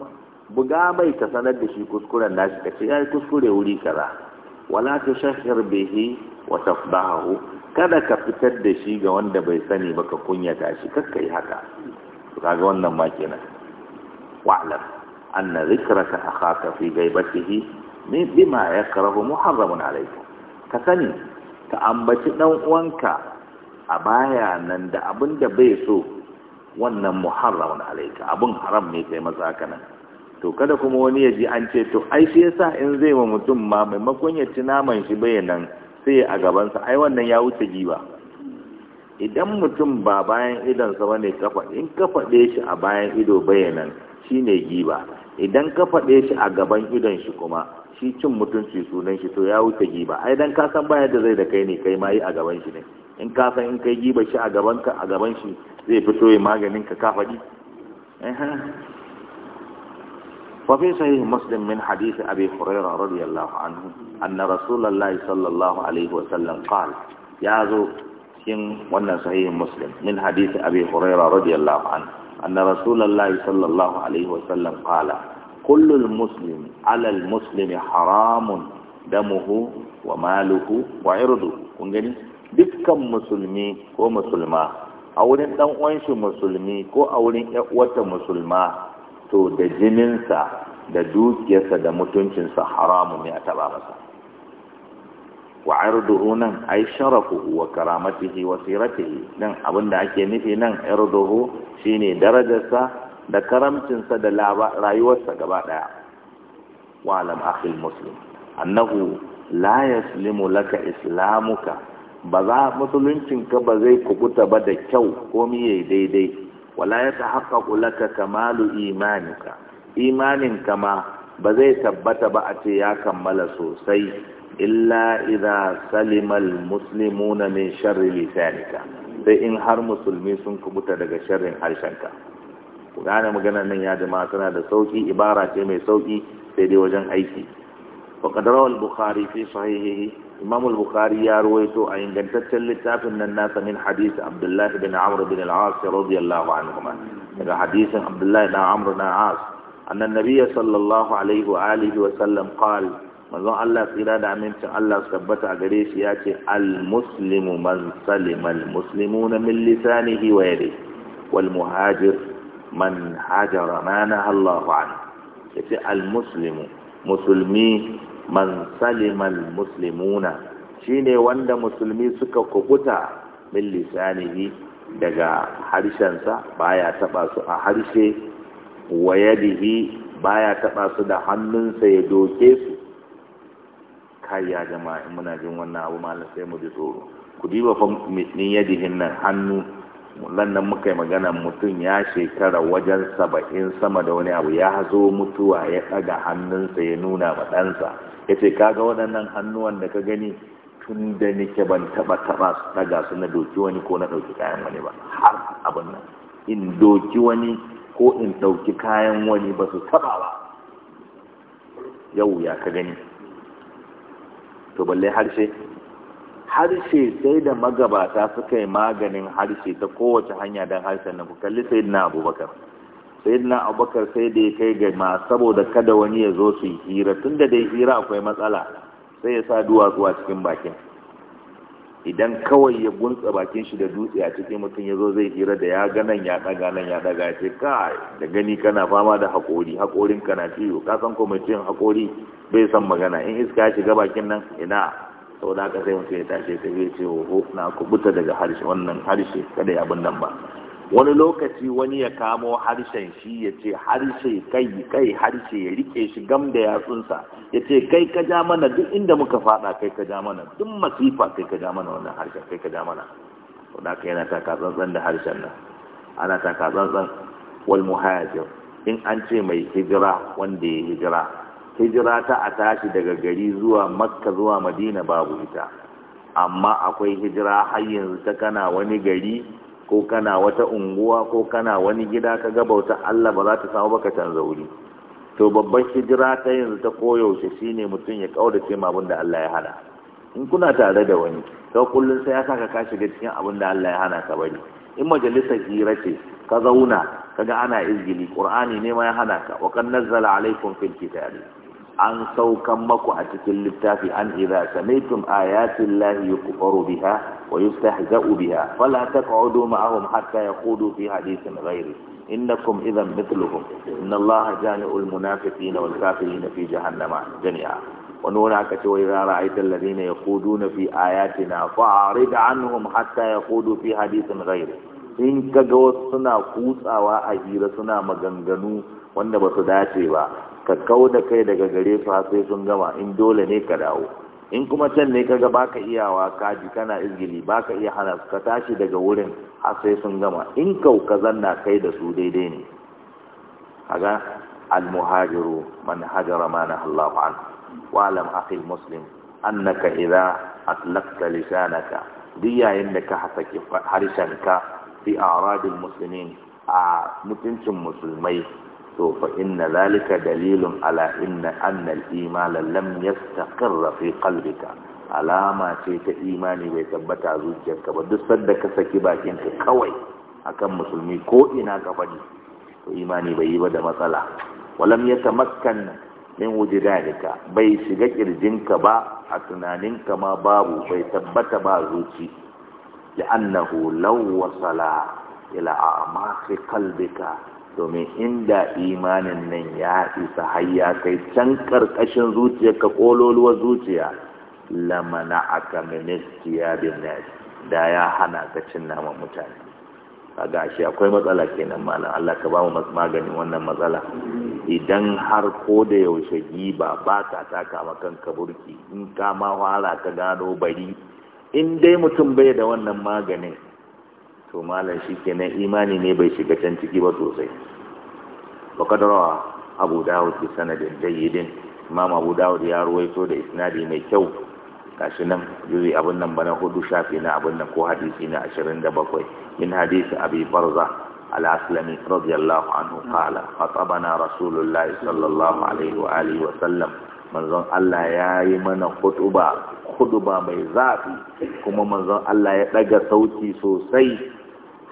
buga mai ka sanar da shi kuskuren nashi ka ce yayi kuskure wuri kaza wala tushahhir bihi wa tafdahu kada ka fitar da shi ga wanda bai sani ba ka kunyata shi kakka yi haka kaga wannan ma kenan wa'lam anna dhikraka akhaka fi ghaibatihi bima ya karahu muharramun alaikum ka sani ka ambaci dan uwanka a baya nan da abin da bai so wannan muharramun alaika abin haram ne kai masa haka nan to kada kuma wani ya ji an ce to ai shi yasa in zai ma mutum ma maimakon ya ci naman shi bai sai a gaban sa, ai wannan ya wuce giba idan mutum ba bayan idonsa sa ne kafa in ka faɗe shi a bayan ido bayanan shi ne giba idan ka faɗe shi a gaban idon shi kuma shi cin mutunci sunan shi to ya wuce giba ai dan ka san baya da zai da kai ne kai ma yi a gaban shi ne in ka san in kai giba shi a gaban ka a gaban shi zai fito yi maganin ka kafadi fa fi sahih muslim min hadith abi hurairah radiyallahu anhu anna rasulullahi sallallahu alaihi wa sallam qala ya zo cikin wannan sahih muslim min hadith abi hurairah radiyallahu anhu anna rasulullahi sallallahu alaihi wa sallam qala kullul muslim alal muslimi haramun damuhu wa maluhu wa dukkan musulmi ko musulma a wurin dan uwan musulmi ko a wurin wata musulma to da jininsa da dukiyarsa da mutuncinsa haramun ne a taba masa wa irduhu nan ay sharafuhu wa karamatihi wa siratihi nan abinda ake nufi nan irduhu shine darajarsa da karamcinsa da rayuwarsa gaba ɗaya. wa akhil muslim annahu la yaslimu laka islamuka ba za musuluncinka ba zai kubuta ba da kyau komi yayi daidai wala ya tahaqqaqu laka kamalu imanika imanin kama ba zai tabbata ba a ce ya kammala sosai illa idha salima muslimuna min sharri lisanika sai in har musulmi sun kubuta daga sharrin harshenka ku gane maganar nan ya jama'a tana da sauki ibara ce mai sauki sai dai wajen aiki wa qadara al-bukhari fi sahihihi imam al-bukhari ya ruwaito a ingantaccen littafin nan nasa min hadisi abdullahi ibn amr bin al-as radiyallahu anhu daga hadisin abdullahi ibn amr bin al-as annan nabiyya sallallahu alaihi wa alihi wa sallam qala manzon Allah tsira da amincin Allah su tabbata a gare shi ya ce al-muslimu man salima al-muslimuna min lisanihi wa yadihi wal muhajir man hajara ma Allah an yace al muslimu musulmi man salima al muslimuna shine wanda musulmi suka kubuta min lisanihi daga harshensa baya taba su a harshe wayadihi baya taba su da hannunsa ya doke su kai ya jama'a muna jin wannan abu malam sai mu ji tsoro ku diba fa min yadihin nan hannu nan muka yi magana mutum ya shekara wajen saba'in sama da wani abu ya zo mutuwa ya ɗaga hannunsa ya nuna ma ɗansa ya ce kaga waɗannan hannuwan da ka gani tun da nake ban taɓa taɓa su ɗaga su na doki wani ko na ɗauki kayan wani ba har abin nan in doki wani ko in ɗauki kayan wani ba su taɓa ba yau ya ka gani to balle harshe harshe sai da magabata suka yi maganin harshe ta kowace hanya don harshen na kalli sai na abubakar sai na abubakar sai da ya kai ga ma saboda kada wani ya zo su yi hira tun da dai hira akwai matsala sai ya sa duwatsu a cikin bakin idan kawai ya gunsa bakin shi da dutse a cikin mutum ya zo zai hira da ya ga nan ya daga nan ya daga ya ce kai da gani kana fama da haƙori haƙorin kana ciwo ka san ko mai cin haƙori bai san magana in iska ya shiga bakin nan ina da aka sai mutum ya tashi ta biyu ce ho na kubuta daga harshe wannan harshe kada ya abin nan ba wani lokaci wani ya kamo harshen shi ya ce harshe kai kai harshe ya rike shi gam da yatsunsa ya ce kai ka ja mana duk inda muka fada kai ka ja mana duk masifa kai ka ja mana wannan harshen kai ka ja mana saboda haka yana taka tsantsan da harshen nan ana taka tsantsan wal muhajir in an ce mai hijira wanda ya hijira hijira ta a tashi daga gari zuwa makka zuwa madina babu ita amma akwai hijira har yanzu ta kana wani gari ko kana wata unguwa ko kana wani gida ka ga bauta Allah ba za ta samu baka canza wuri to babban hijira ta yanzu ta koyaushe shine mutum ya kaudace ma abin da Allah ya hana in kuna tare da wani to kullun sai ya saka ka shiga cikin abin da Allah ya hana ka bari in majalisa hira ce ka zauna kaga ana izgili qur'ani ne ma ya hana ka wa kan nazzala alaikum fil kitabi an saukan maku a cikin littafi an idza sami'tum ayati llahi yukfaru biha wa yustahza'u biha fala taq'udu ma'ahum hatta yaqudu fi hadithin ghairi innakum idhan mithluhum inna allaha jami'ul munafiqina wal kafirina fi jahannama jami'a wani wani aka ce wai rara aitar ladina ya kudu na fi ayatina fa'arid anhum hatta ya kudu fi hadisin ghairi in kaga wasu suna kutsawa a hira suna maganganu wanda ba su dace ba ka kau da kai daga gare su sai sun gama in dole ne ka dawo in kuma can ne kaga baka iyawa wa kaji kana izgili baka iya hana su ka tashi daga wurin har sai sun gama in kau ka zanna kai da su daidai ne kaga almuhajiru man hajara ma na Allahu an wa alam akhi muslim annaka idza atlaqta lisanaka duk yayin da ka hasaki ka fi a'radil muslimin a mutuncin musulmai to fa inna zalika dalilun ala inna anna al lam yastaqirra fi qalbika alama ce ta imani bai tabbata zuciyarka ba duk sanda ka saki bakinka kawai akan musulmi ko ina ka faɗi to imani bai yi ba da matsala walam yatamakkan min wujudanika bai shiga kirjinka ba a tunaninka ma babu bai tabbata ba zuci لأنه لو وصل إلى أعماق قلبك domin inda imanin nan ya isa hayya kai can karkashin zuciya ka kololuwar zuciya lamana aka ministiya bin da ya hana ka cin naman mutane A gashi akwai matsala kenan malam Allah ka ba mu maganin wannan matsala idan har ko da yaushe giba ba ka taka makan kaburki in ka ma fara ka gano bari in dai mutum bai da wannan maganin to malam shi kenan imani ne bai shiga can ciki ba sosai wa kadarawa abu dawud bi sanadin jayyidin imam abu dawud ya ruwaito da isnadi mai kyau gashi nan juzi abin nan bana hudu shafi na abin nan ko hadisi na ashirin da bakwai min hadisi abi barza al-aslami radiyallahu anhu qala khatabana rasulullahi sallallahu alaihi wa alihi wa sallam manzon Allah ya yi mana khutuba khutuba mai zafi kuma manzon Allah ya daga sauti sosai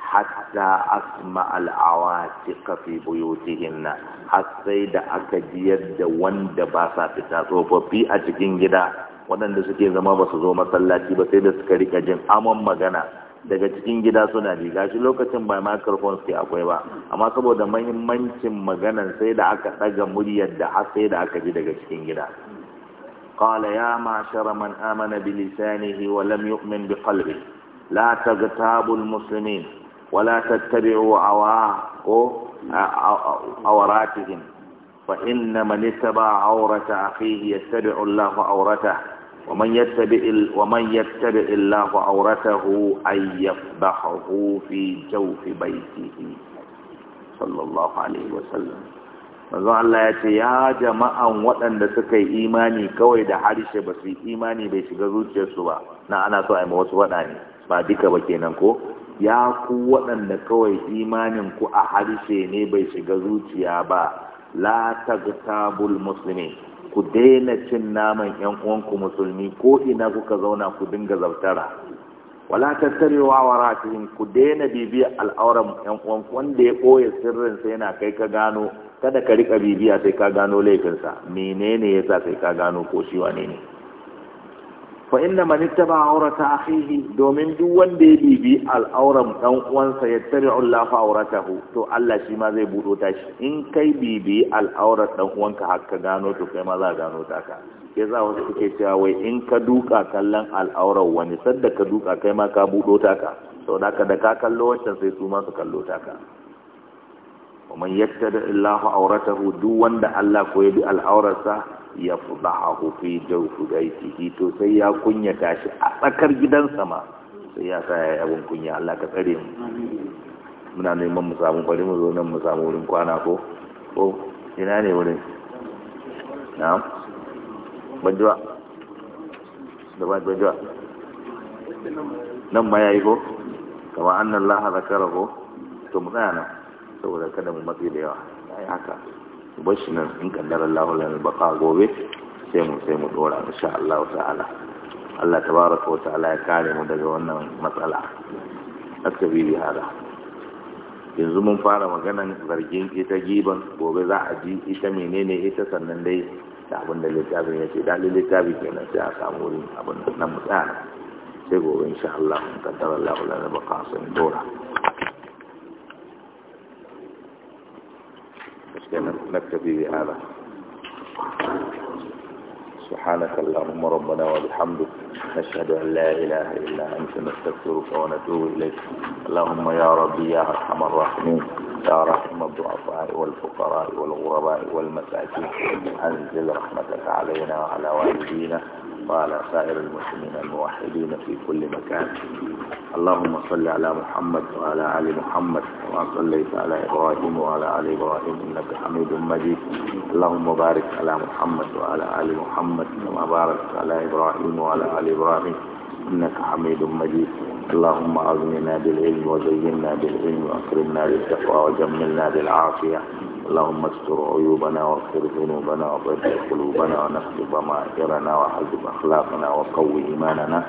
hatta asma al'awatiqa fi buyutihinna har sai da aka ji yadda wanda ba sa fita tsofaffi a cikin gida waɗanda suke zama ba su zo masallaci ba sai da suka rika jin amon magana daga cikin gida suna ji gashi lokacin ba microphone suke akwai ba amma saboda mahimmancin maganan sai da aka ɗaga muryar da har sai da aka ji daga cikin gida amana bi معشر من آمن بلسانه bi يؤمن بقلبه لا تغتابوا المسلمين wala tattabi'u awa ko awratihim fa inna man ittaba awrata akhihi yattabi'u Allahu awratahu ومن يتبع ومن يتبع الله عورته أن يفضحه fi جوف بيته Sallallahu alaihi wa sallam. manzon Allah ya ce ya jama'an waɗanda suka yi imani kawai da harshe ba su yi imani bai shiga zuciyarsu ba na ana so a yi wasu waɗa ne ba duka ba kenan ko ya ku waɗanda kawai imanin ku a harshe ne bai shiga zuciya ba la tagtabul musulmi, ku daina cin naman yan uwanku musulmi ko ina kuka zauna ku dinga zautara wala tattarewa wa ratihim ku daina bibiya al'auran yan uwanku wanda ya ɓoye sirrin sai yana kai ka gano kada ka riƙa bibiya sai ka gano laifinsa menene ya sa sai ka gano ko shi wane ne fa inna man ittaba aurata akhihi domin duk wanda ya bibi al'auran dan uwansa ya tare Allah fa auratahu to Allah shi ma zai budo ta shi in kai bibi al'aurar dan uwanka har ka gano to kai ma za gano ta ka ke za wasu suke cewa wai in ka duka kallon al'aurar wani sadda ka duka kai ma ka budo ta ka to da ka kallo wancan sai su ma su kallo ta ka ومن يتبع الله عورته دو وند الله كو يبي a yafdahu fi ya baitihi to sai ya kunya tashi a tsakar gidan sama sai ya sa ya yabon kunya Allah ka tsare mu muna neman mu samu bari mu zo nan mu samu wurin kwana ko ko ina ne wurin na'am banjuwa da banjuwa nan ma yi ko kama annan laha zakara ko to mu tsaya nan saboda kada mu matsi da yawa yi haka bashi nan in kaddara Allah lana baka gobe sai mu sai mu dora insha Allah ta'ala Allah tabaraka wa ta'ala ya kare mu daga wannan matsala akabiri hada yanzu mun fara maganan zargin ita giban gobe za a ji ita menene ita sannan dai da abin da littafin ya ce dalilin littafi kenan sai a samu wurin abin nan na mutsara sai gobe insha Allah kaddara Allah lana baka sai dora نكتفي بهذا سبحانك اللهم ربنا وبحمدك نشهد أن لا إله إلا أنت نستغفرك ونتوب إليك اللهم يا ربي يا أرحم الراحمين يا رحم الضعفاء والفقراء والغرباء والمساكين أنزل رحمتك علينا وعلى والدينا وعلى سائر المسلمين الموحدين في كل مكان اللهم صل على محمد وعلى آل محمد كما صليت على إبراهيم وعلى آل إبراهيم إنك حميد مجيد اللهم بارك على محمد وعلى آل محمد كما باركت على إبراهيم وعلى آل إبراهيم إنك حميد مجيد اللهم أغننا بالعلم وزينا بالعلم وأكرمنا بالتقوى وجملنا بالعافية اللهم استر عيوبنا واغفر ذنوبنا وبدل قلوبنا ونفس ضمائرنا وحزب اخلاقنا وقوي ايماننا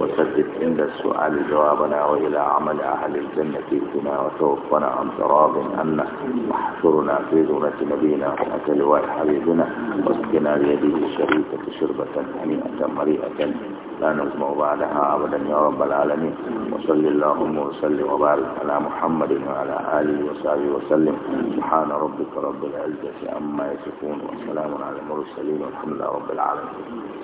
وسدد عند السؤال جوابنا والى عمل اهل الجنه فينا وتوفنا عن تراض عنا واحفرنا في ذمه نبينا وحنك لواء حبيبنا واسقنا بيده الشريفه شربه هنيئه مريئه لا نزمع بعدها أبدا يا رب العالمين وصل اللهم وسلم وبارك على محمد وعلى آله وصحبه وسلم سبحان ربك رب العزة عما يصفون وسلام على المرسلين والحمد لله رب العالمين